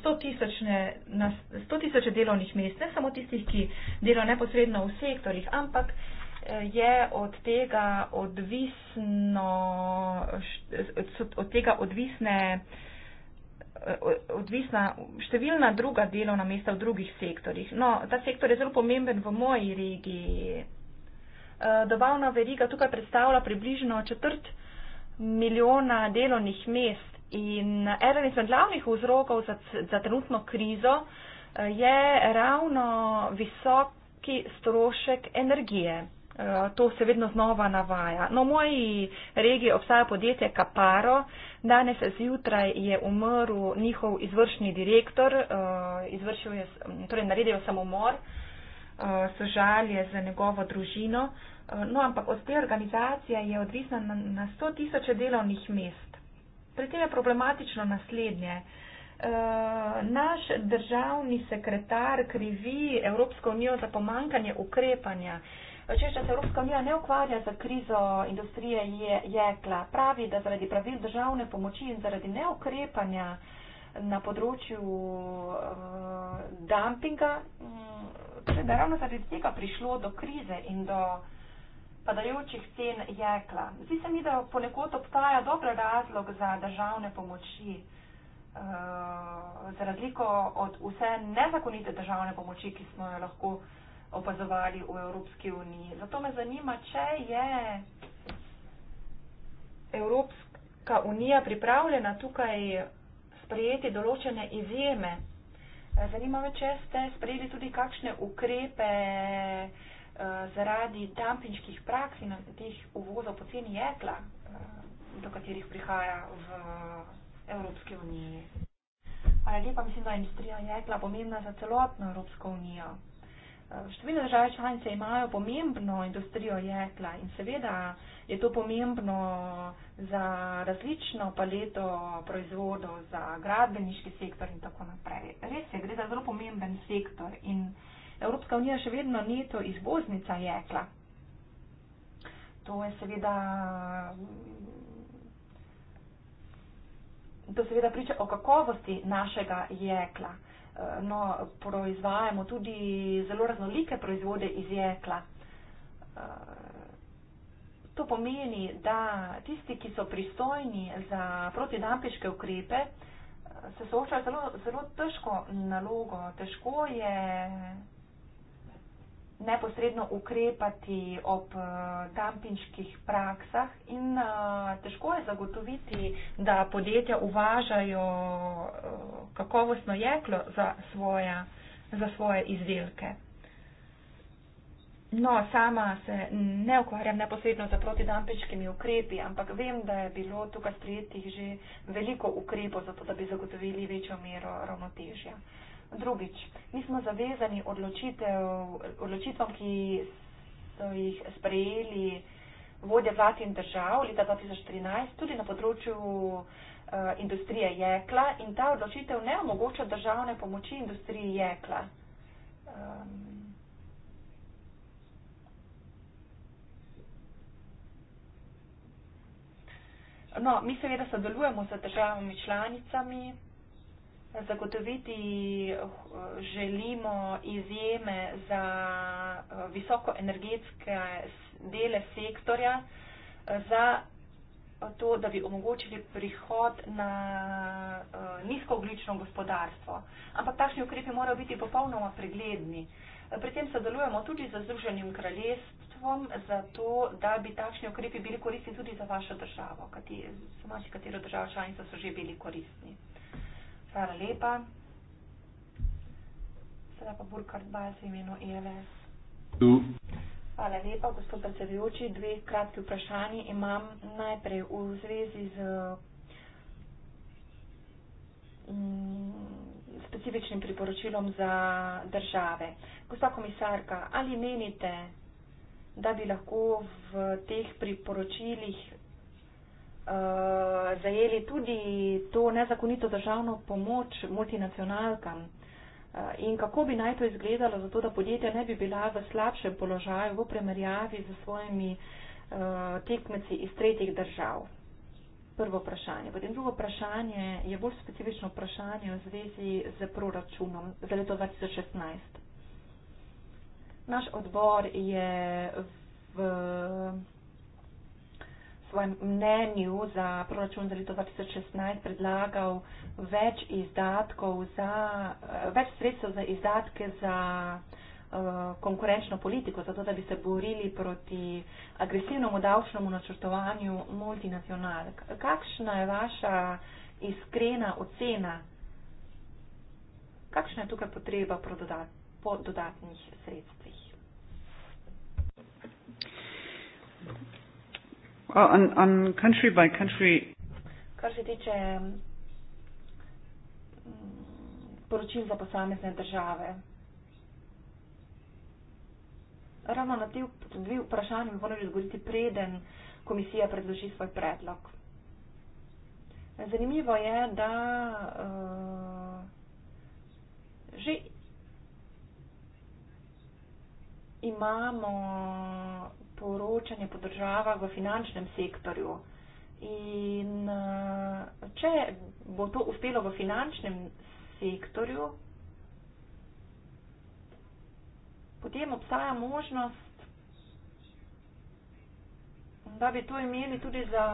sto tisoče delovnih mest, ne samo tistih, ki delajo neposredno v sektorjih, ampak eh, je od tega, odvisno, od tega odvisne odvisna številna druga delovna mesta v drugih sektorjih. No, ta sektor je zelo pomemben v moji regiji. E, dobavna veriga tukaj predstavlja približno četrt milijona delovnih mest in eden izmed glavnih vzrokov za, za trenutno krizo e, je ravno visoki strošek energije. E, to se vedno znova navaja. No, v moji regiji obstaja podjetje Kaparo, Danes zjutraj je umrl njihov izvršni direktor, eh, je, torej naredil samomor, eh, sožalje za njegovo družino. Eh, no, ampak od te organizacije je odvisna na, na 100 tisoče delovnih mest. Pri tem je problematično naslednje. Eh, naš državni sekretar krivi Evropsko unijo za pomankanje ukrepanja. Če se Evropska unija ne ukvarja za krizo industrije jekla, pravi, da zaradi pravil državne pomoči in zaradi neukrepanja na področju uh, dumpinga, um, da ravno zaradi tega prišlo do krize in do padajočih cen jekla. Zdi se mi, da ponekod obstaja dober razlog za državne pomoči. Uh, Eh, za razliko od vse nezakonite državne pomoči, ki smo jo lahko opazovali v Evropski uniji. Zato me zanima, če je Evropska unija pripravljena tukaj sprejeti določene izjeme. Eh, zanima me, če ste sprejeli tudi kakšne ukrepe eh, zaradi dampinških praks in teh uvozov poceni jekla, do katerih prihaja v Evropske unije. Hvala lepa, mislim, da industrija je bila pomembna za celotno Evropsko unijo. Eh, številne države članice imajo pomembno industrijo jekla in seveda je to pomembno za različno paleto proizvodov, za gradbeniški sektor in tako naprej. Res je, gre za zelo pomemben sektor in Evropska unija še vedno ni to izvoznica jekla. To je seveda to seveda priča o kakovosti našega jekla. Eh, no, proizvajamo tudi zelo raznolike proizvode iz jekla. Eh, to pomeni, da tisti, ki so pristojni za protidampeške ukrepe, eh, se soočajo zelo, zelo težko nalogo. Težko je neposredno ukrepati ob uh, dampinških praksah in uh, težko je zagotoviti, da podjetja uvažajo uh, kakovostno jeklo za svoje, za svoje izdelke. No, sama se ne ukvarjam neposredno z protidampičkimi ukrepi, ampak vem, da je bilo tukaj sprejetih že veliko ukrepov, zato da bi zagotovili večjo mero ravnotežja. Uh, Drugič, mi smo zavezani odločitvam, ki so jih sprejeli vodje vlad in držav leta 2013 tudi na področju uh, industrije jekla in ta odločitev ne omogoča državne pomoči industriji jekla. Um, No, mi seveda sodelujemo z državami članicami, zagotoviti eh, želimo izjeme za eh, visokoenergetske dele sektorja, eh, za to, da bi omogočili prihod na nizkooglično gospodarstvo. Ampak takšni ukrepi morajo biti popolnoma pregledni. Pri tem sodelujemo tudi z Združenim kraljestvom, zato da bi takšni ukrepi bili koristni tudi za vašo državo, kajti za marsikatero državo članico so že bili koristni. Hvala lepa. Sedaj pa Burkard Bajas v imenu EVS. Tu. Hvala lepa, gospod predsedujoči. Dve kratki vprašanji imam najprej v zvezi z mm, specifičnim priporočilom za države. Gospa komisarka, ali menite, da bi lahko v teh priporočilih Eh, zajeli tudi to nezakonito državno pomoč multinacionalkam eh, in kako bi naj to izgledalo, zato da podjetja ne bi bila v slabšem položaju v primerjavi z svojimi eh, tekmeci iz tretjih držav. Prvo vprašanje. Potem drugo vprašanje je bolj specifično vprašanje v zvezi z proračunom za leto 2016. Naš odbor je v svojem mnenju za proračun za leto 2016 predlagal več izdatkov za, več sredstev za izdatke za eh, konkurenčno politiko, zato da bi se borili proti agresivnemu davčnemu načrtovanju multinacionalk. Kakšna je vaša iskrena ocena? Kakšna je tukaj potreba po dodatnih sredstvih? Oh, on country by country. Kar se tiče mm, poročil za posamezne države. Ravno na te dve vprašanje bi morali odgovoriti, preden komisija predloži svoj predlog. Zanimivo je, da uh, že imamo poročanje po državah v finančnem sektorju. In eh, če bo to uspelo v finančnem sektorju, potem obstaja možnost, da bi to imeli tudi za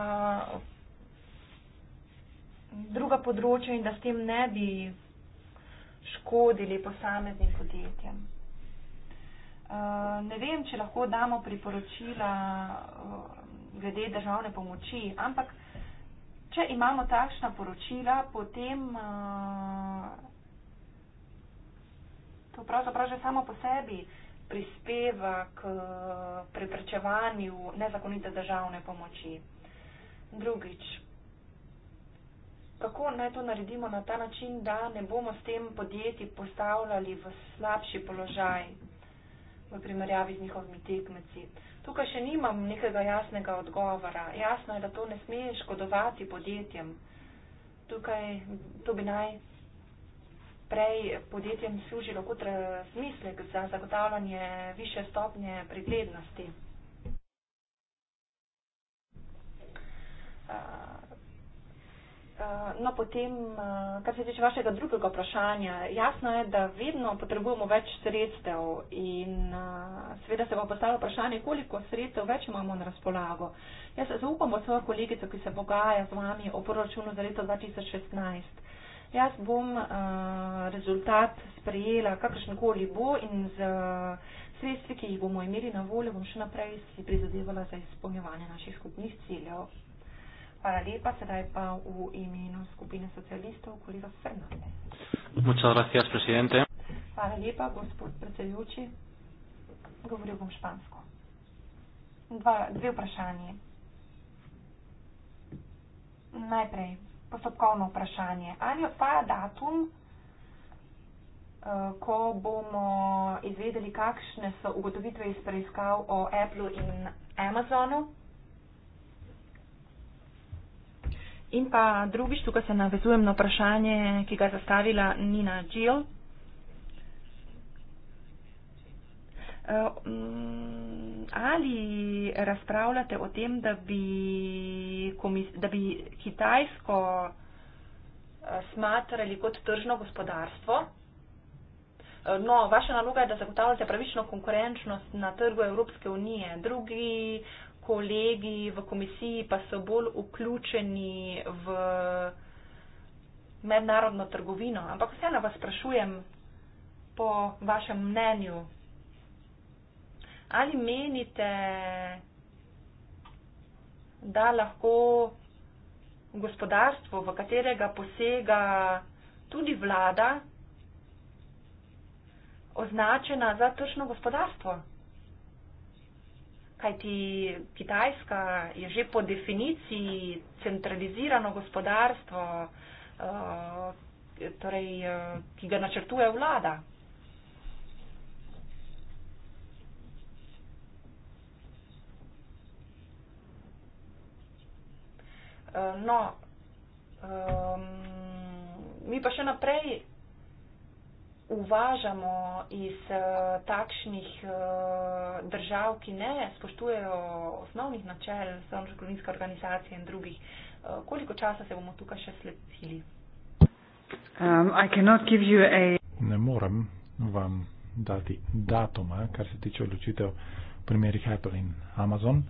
druga področja in da s tem ne bi škodili posameznim podjetjem. Eh, ne vem, če lahko damo priporočila eh, glede državne pomoči, ampak če imamo takšna poročila, potem eh, to pravzaprav že samo po sebi prispeva k preprečevanju nezakonite državne pomoči. Drugič, kako naj to naredimo na ta način, da ne bomo s tem podjetji postavljali v slabši položaj, v primerjavi z njihovimi tekmeci. Tukaj še nimam nekega jasnega odgovora. Jasno je, da to ne sme škodovati podjetjem. Tukaj to bi naj prej podjetjem služilo kot smislek za zagotavljanje više stopnje preglednosti. Eh, no, potem, eh, kar se tiče vašega drugega vprašanja, jasno je, da vedno potrebujemo več sredstev in eh, seveda se bo postavilo vprašanje, koliko sredstev več imamo na razpolago. Jaz zaupam v svojo kolegico, ki se pogaja z vami o proračunu za leto 2016. Jaz bom rezultat sprejela, kakršenkoli bo in z sredstvi, ki jih bomo imeli na voljo, bom še naprej si prizadevala za izpolnjevanje naših skupnih ciljev. Hvala lepa. Sedaj pa v imenu skupine socialistov kolega Fernandez. Hvala lepa, gospod predsedujoči. Govoril bom špansko. Dva, dve vprašanje. Najprej postopkovno vprašanje. Ali obstaja datum, eh, ko bomo izvedeli, kakšne so ugotovitve iz preiskav o Apple in Amazonu? In pa drugič, tukaj se navezujem na vprašanje, ki ga je zastavila Nina Džil. Eh, mm, ali razpravljate o tem, da bi, komis, da bi Kitajsko eh, smatrali kot tržno gospodarstvo? Eh, no, vaša naloga je, da zagotavljate pravično konkurenčnost na trgu Evropske unije. Drugi kolegi v komisiji pa so bolj vključeni v mednarodno trgovino. Ampak vseeno vas sprašujem po vašem mnenju, ali menite, da lahko gospodarstvo, v katerega posega tudi vlada, označena za tržno gospodarstvo kajti Kitajska je že po definiciji centralizirano gospodarstvo, eh, torej, eh, ki ga načrtuje vlada. Eh, no, um, mi pa še naprej uvažamo iz uh, takšnih uh, držav, ki ne spoštujejo osnovnih načel samozakonitske organizacije in drugih. Uh, koliko časa se bomo tukaj še sledili? Um, a... Ne morem vam dati datuma, kar se tiče odločitev v primerih Apple in Amazon.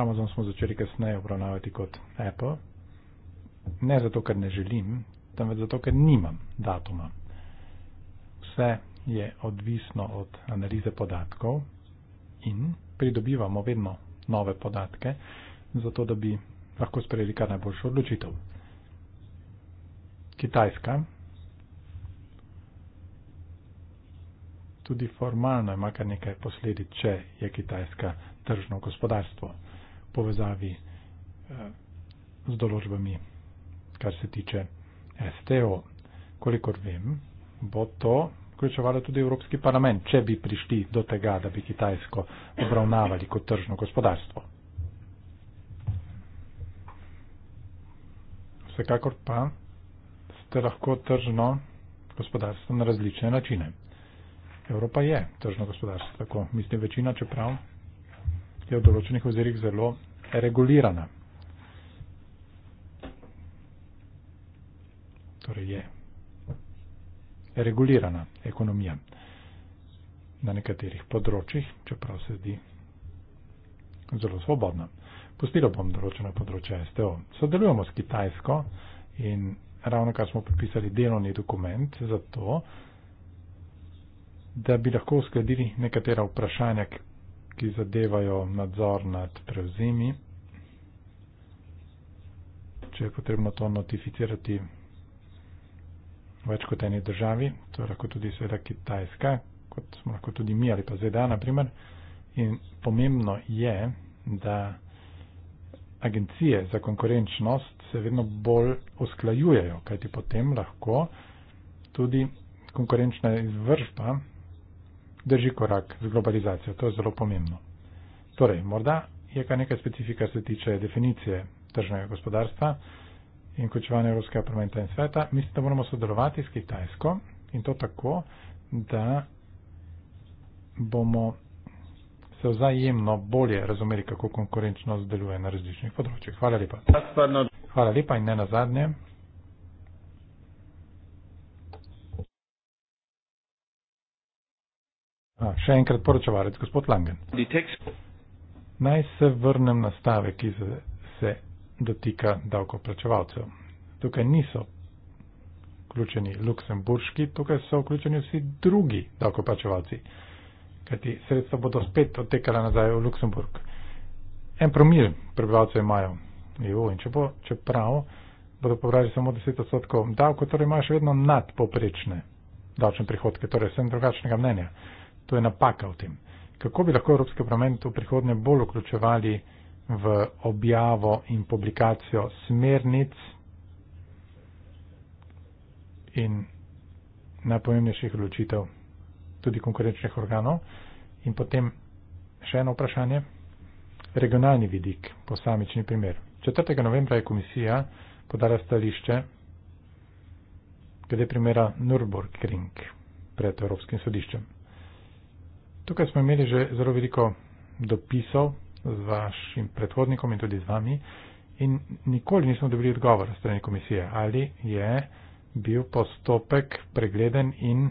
Amazon smo začeli kasneje obravnavati kot Apple. Ne zato, ker ne želim, temveč zato, ker nimam datuma. Vse je odvisno od analize podatkov in pridobivamo vedno nove podatke, zato da bi lahko sprejeli kar najboljšo odločitev. Kitajska tudi formalno ima kar nekaj posledic, če je Kitajska tržno gospodarstvo v povezavi eh, z določbami, kar se tiče STO, kolikor vem, bo to vključevalo tudi Evropski parlament, če bi prišli do tega, da bi Kitajsko obravnavali kot tržno gospodarstvo. Vsekakor pa ste lahko tržno gospodarstvo na različne načine. Evropa je tržno gospodarstvo, tako mislim večina, čeprav je v določenih ozirih zelo regulirana. torej je regulirana ekonomija na nekaterih področjih, čeprav se zdi zelo svobodna. Pustilo bom določeno področje STO. Sodelujemo s Kitajsko in ravno kar smo podpisali delovni dokument za to, da bi lahko uskladili nekatera vprašanja, ki zadevajo nadzor nad prevzemi. Če je potrebno to notificirati več kot eni državi, to je lahko tudi seveda Kitajska, kot smo lahko tudi mi ali pa ZDA naprimer. In pomembno je, da agencije za konkurenčnost se vedno bolj usklajujejo, kajti potem lahko tudi konkurenčna izvršba drži korak z globalizacijo. To je zelo pomembno. Torej, morda je kar nekaj specifika se tiče definicije tržnega gospodarstva in vključevanje Evropskega parlamenta in sveta, mislim, da moramo sodelovati s Kitajsko in to tako, da bomo se vzajemno bolje razumeli, kako konkurenčnost deluje na različnih področjih. Hvala lepa. Hvala lepa in ne na zadnje. A, še enkrat poročevalec, gospod Langen. Naj se vrnem na stavek, ki se, se dotika davkoplačevalcev. Tukaj niso vključeni luksemburški, tukaj so vključeni vsi drugi davkoplačevalci, kajti sredstva bodo spet odtekala nazaj v Luksemburg. En promil prebivalcev imajo EU in če bo, čeprav bodo pobrali samo 10 odstotkov davko, torej imajo še vedno nadpoprečne davčne prihodke, torej sem drugačnega mnenja. To je napaka v tem. Kako bi lahko Evropski parlament v prihodnje bolj vključevali v objavo in publikacijo smernic in najpomembnejših odločitev tudi konkurenčnih organov. In potem še eno vprašanje. Regionalni vidik, posamični primer. 4. novembra je komisija podala stališče glede primera Nürburgring pred Evropskim sodiščem. Tukaj smo imeli že zelo veliko dopisov, z vašim predhodnikom in tudi z vami in nikoli nismo dobili odgovor strani komisije, ali je bil postopek pregleden in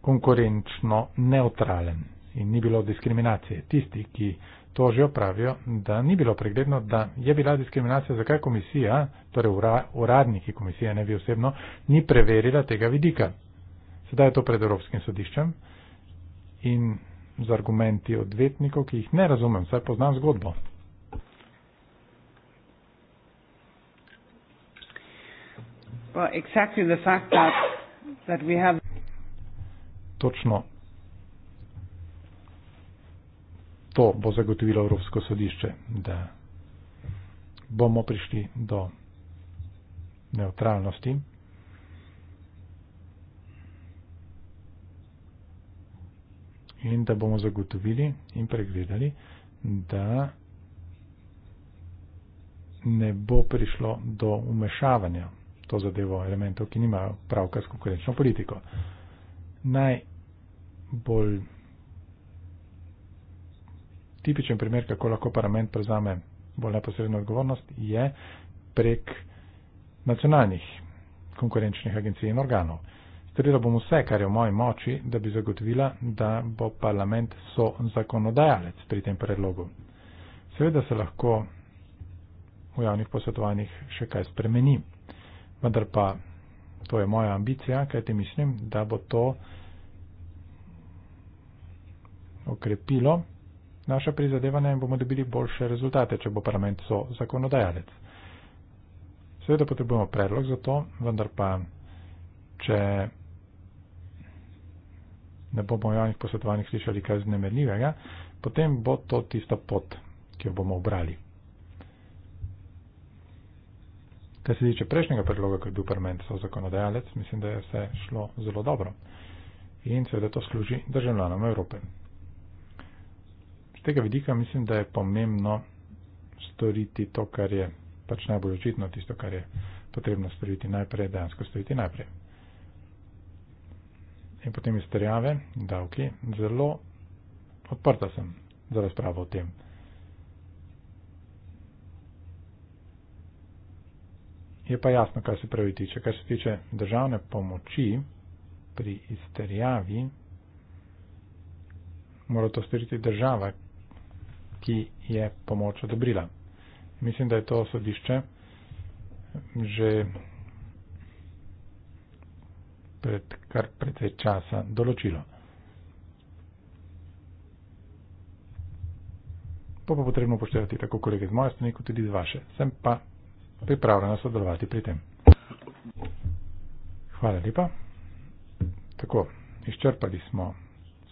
konkurenčno neutralen in ni bilo diskriminacije. Tisti, ki to že opravijo, da ni bilo pregledno, da je bila diskriminacija, zakaj komisija, torej uradniki komisije, ne vi osebno, ni preverila tega vidika. Sedaj je to pred Evropskim sodiščem in z argumenti odvetnikov, ki jih ne razumem, saj poznam zgodbo. Well, exactly the fact that, that we have Točno to bo zagotovilo Evropsko sodišče, da bomo prišli do neutralnosti. in da bomo zagotovili in pregledali, da ne bo prišlo do umešavanja to zadevo elementov, ki nimajo pravka s konkurenčno politiko. Najbolj tipičen primer, kako lahko parlament prevzame bolj neposredno odgovornost, je prek nacionalnih konkurenčnih agencij in organov. Uh, Storila bom vse, kar je v moji moči, da bi zagotovila, da bo parlament so zakonodajalec pri tem predlogu. Seveda se lahko v javnih posvetovanjih še kaj spremeni, vendar pa to je moja ambicija, kajti mislim, da bo to okrepilo naše prizadevanje in bomo dobili boljše rezultate, če bo parlament so zakonodajalec. Seveda potrebujemo predlog za to, vendar pa. Če ne bomo v javnih posvetovanjih slišali kaj znemeljivega, potem bo to tista pot, ki jo bomo obrali. Kar se tiče prejšnjega predloga, ko je bil parlament so zakonodajalec, mislim, da je vse šlo zelo dobro. In seveda to služi državljanom Evrope. Z tega vidika mislim, da je pomembno storiti to, kar je pač najbolj očitno, tisto, kar je potrebno storiti najprej, dejansko storiti najprej in potem izterjave, davki, zelo odprta sem za razpravo o tem. Je pa jasno, kar se pravi tiče. Kar se tiče državne pomoči pri izterjavi, mora to storiti država, ki je pomoč odobrila. Mislim, da je to sodišče že pred kar precej časa določilo. To pa potrebno upoštevati tako kolege z moje strani, kot tudi z vaše. Sem pa pripravljena sodelovati pri tem. Hvala lepa. Tako, izčrpali smo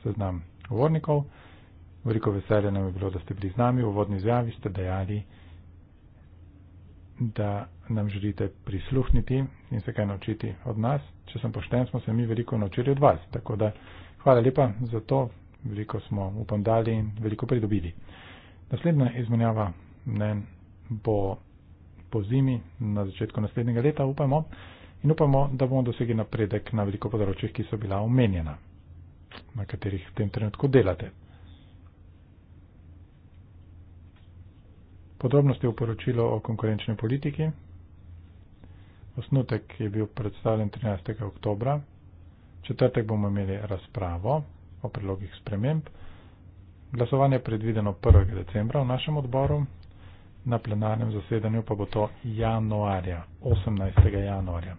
seznam govornikov. Veliko veselje nam je bilo, da ste bili z nami. V uvodni izjavi ste dejali, da nam želite prisluhniti in se kaj naučiti od nas. Če sem pošten, smo se mi veliko naučili od vas. Tako da hvala lepa za to, veliko smo upam dali in veliko pridobili. Naslednja izmenjava mnen bo po zimi, na začetku naslednjega leta, upamo in upamo, da bomo dosegli napredek na veliko področjih, ki so bila omenjena, na katerih v tem trenutku delate. Podrobnosti v poročilu o konkurenčni politiki. Osnutek je bil predstavljen 13. oktobra. Četrtek bomo imeli razpravo o predlogih sprememb. Glasovanje je predvideno 1. decembra v našem odboru. Na plenarnem zasedanju pa bo to januarja, 18. januarja.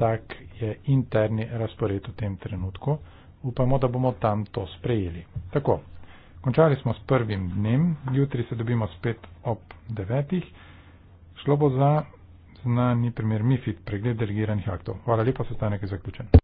Tak je interni razpored v tem trenutku. Upamo, da bomo tam to sprejeli. Tako, Končali smo s prvim dnem, jutri se dobimo spet ob devetih. Šlo bo za znani primer MIFID, pregled delegiranih aktov. Hvala lepa, sestanek je zaključen.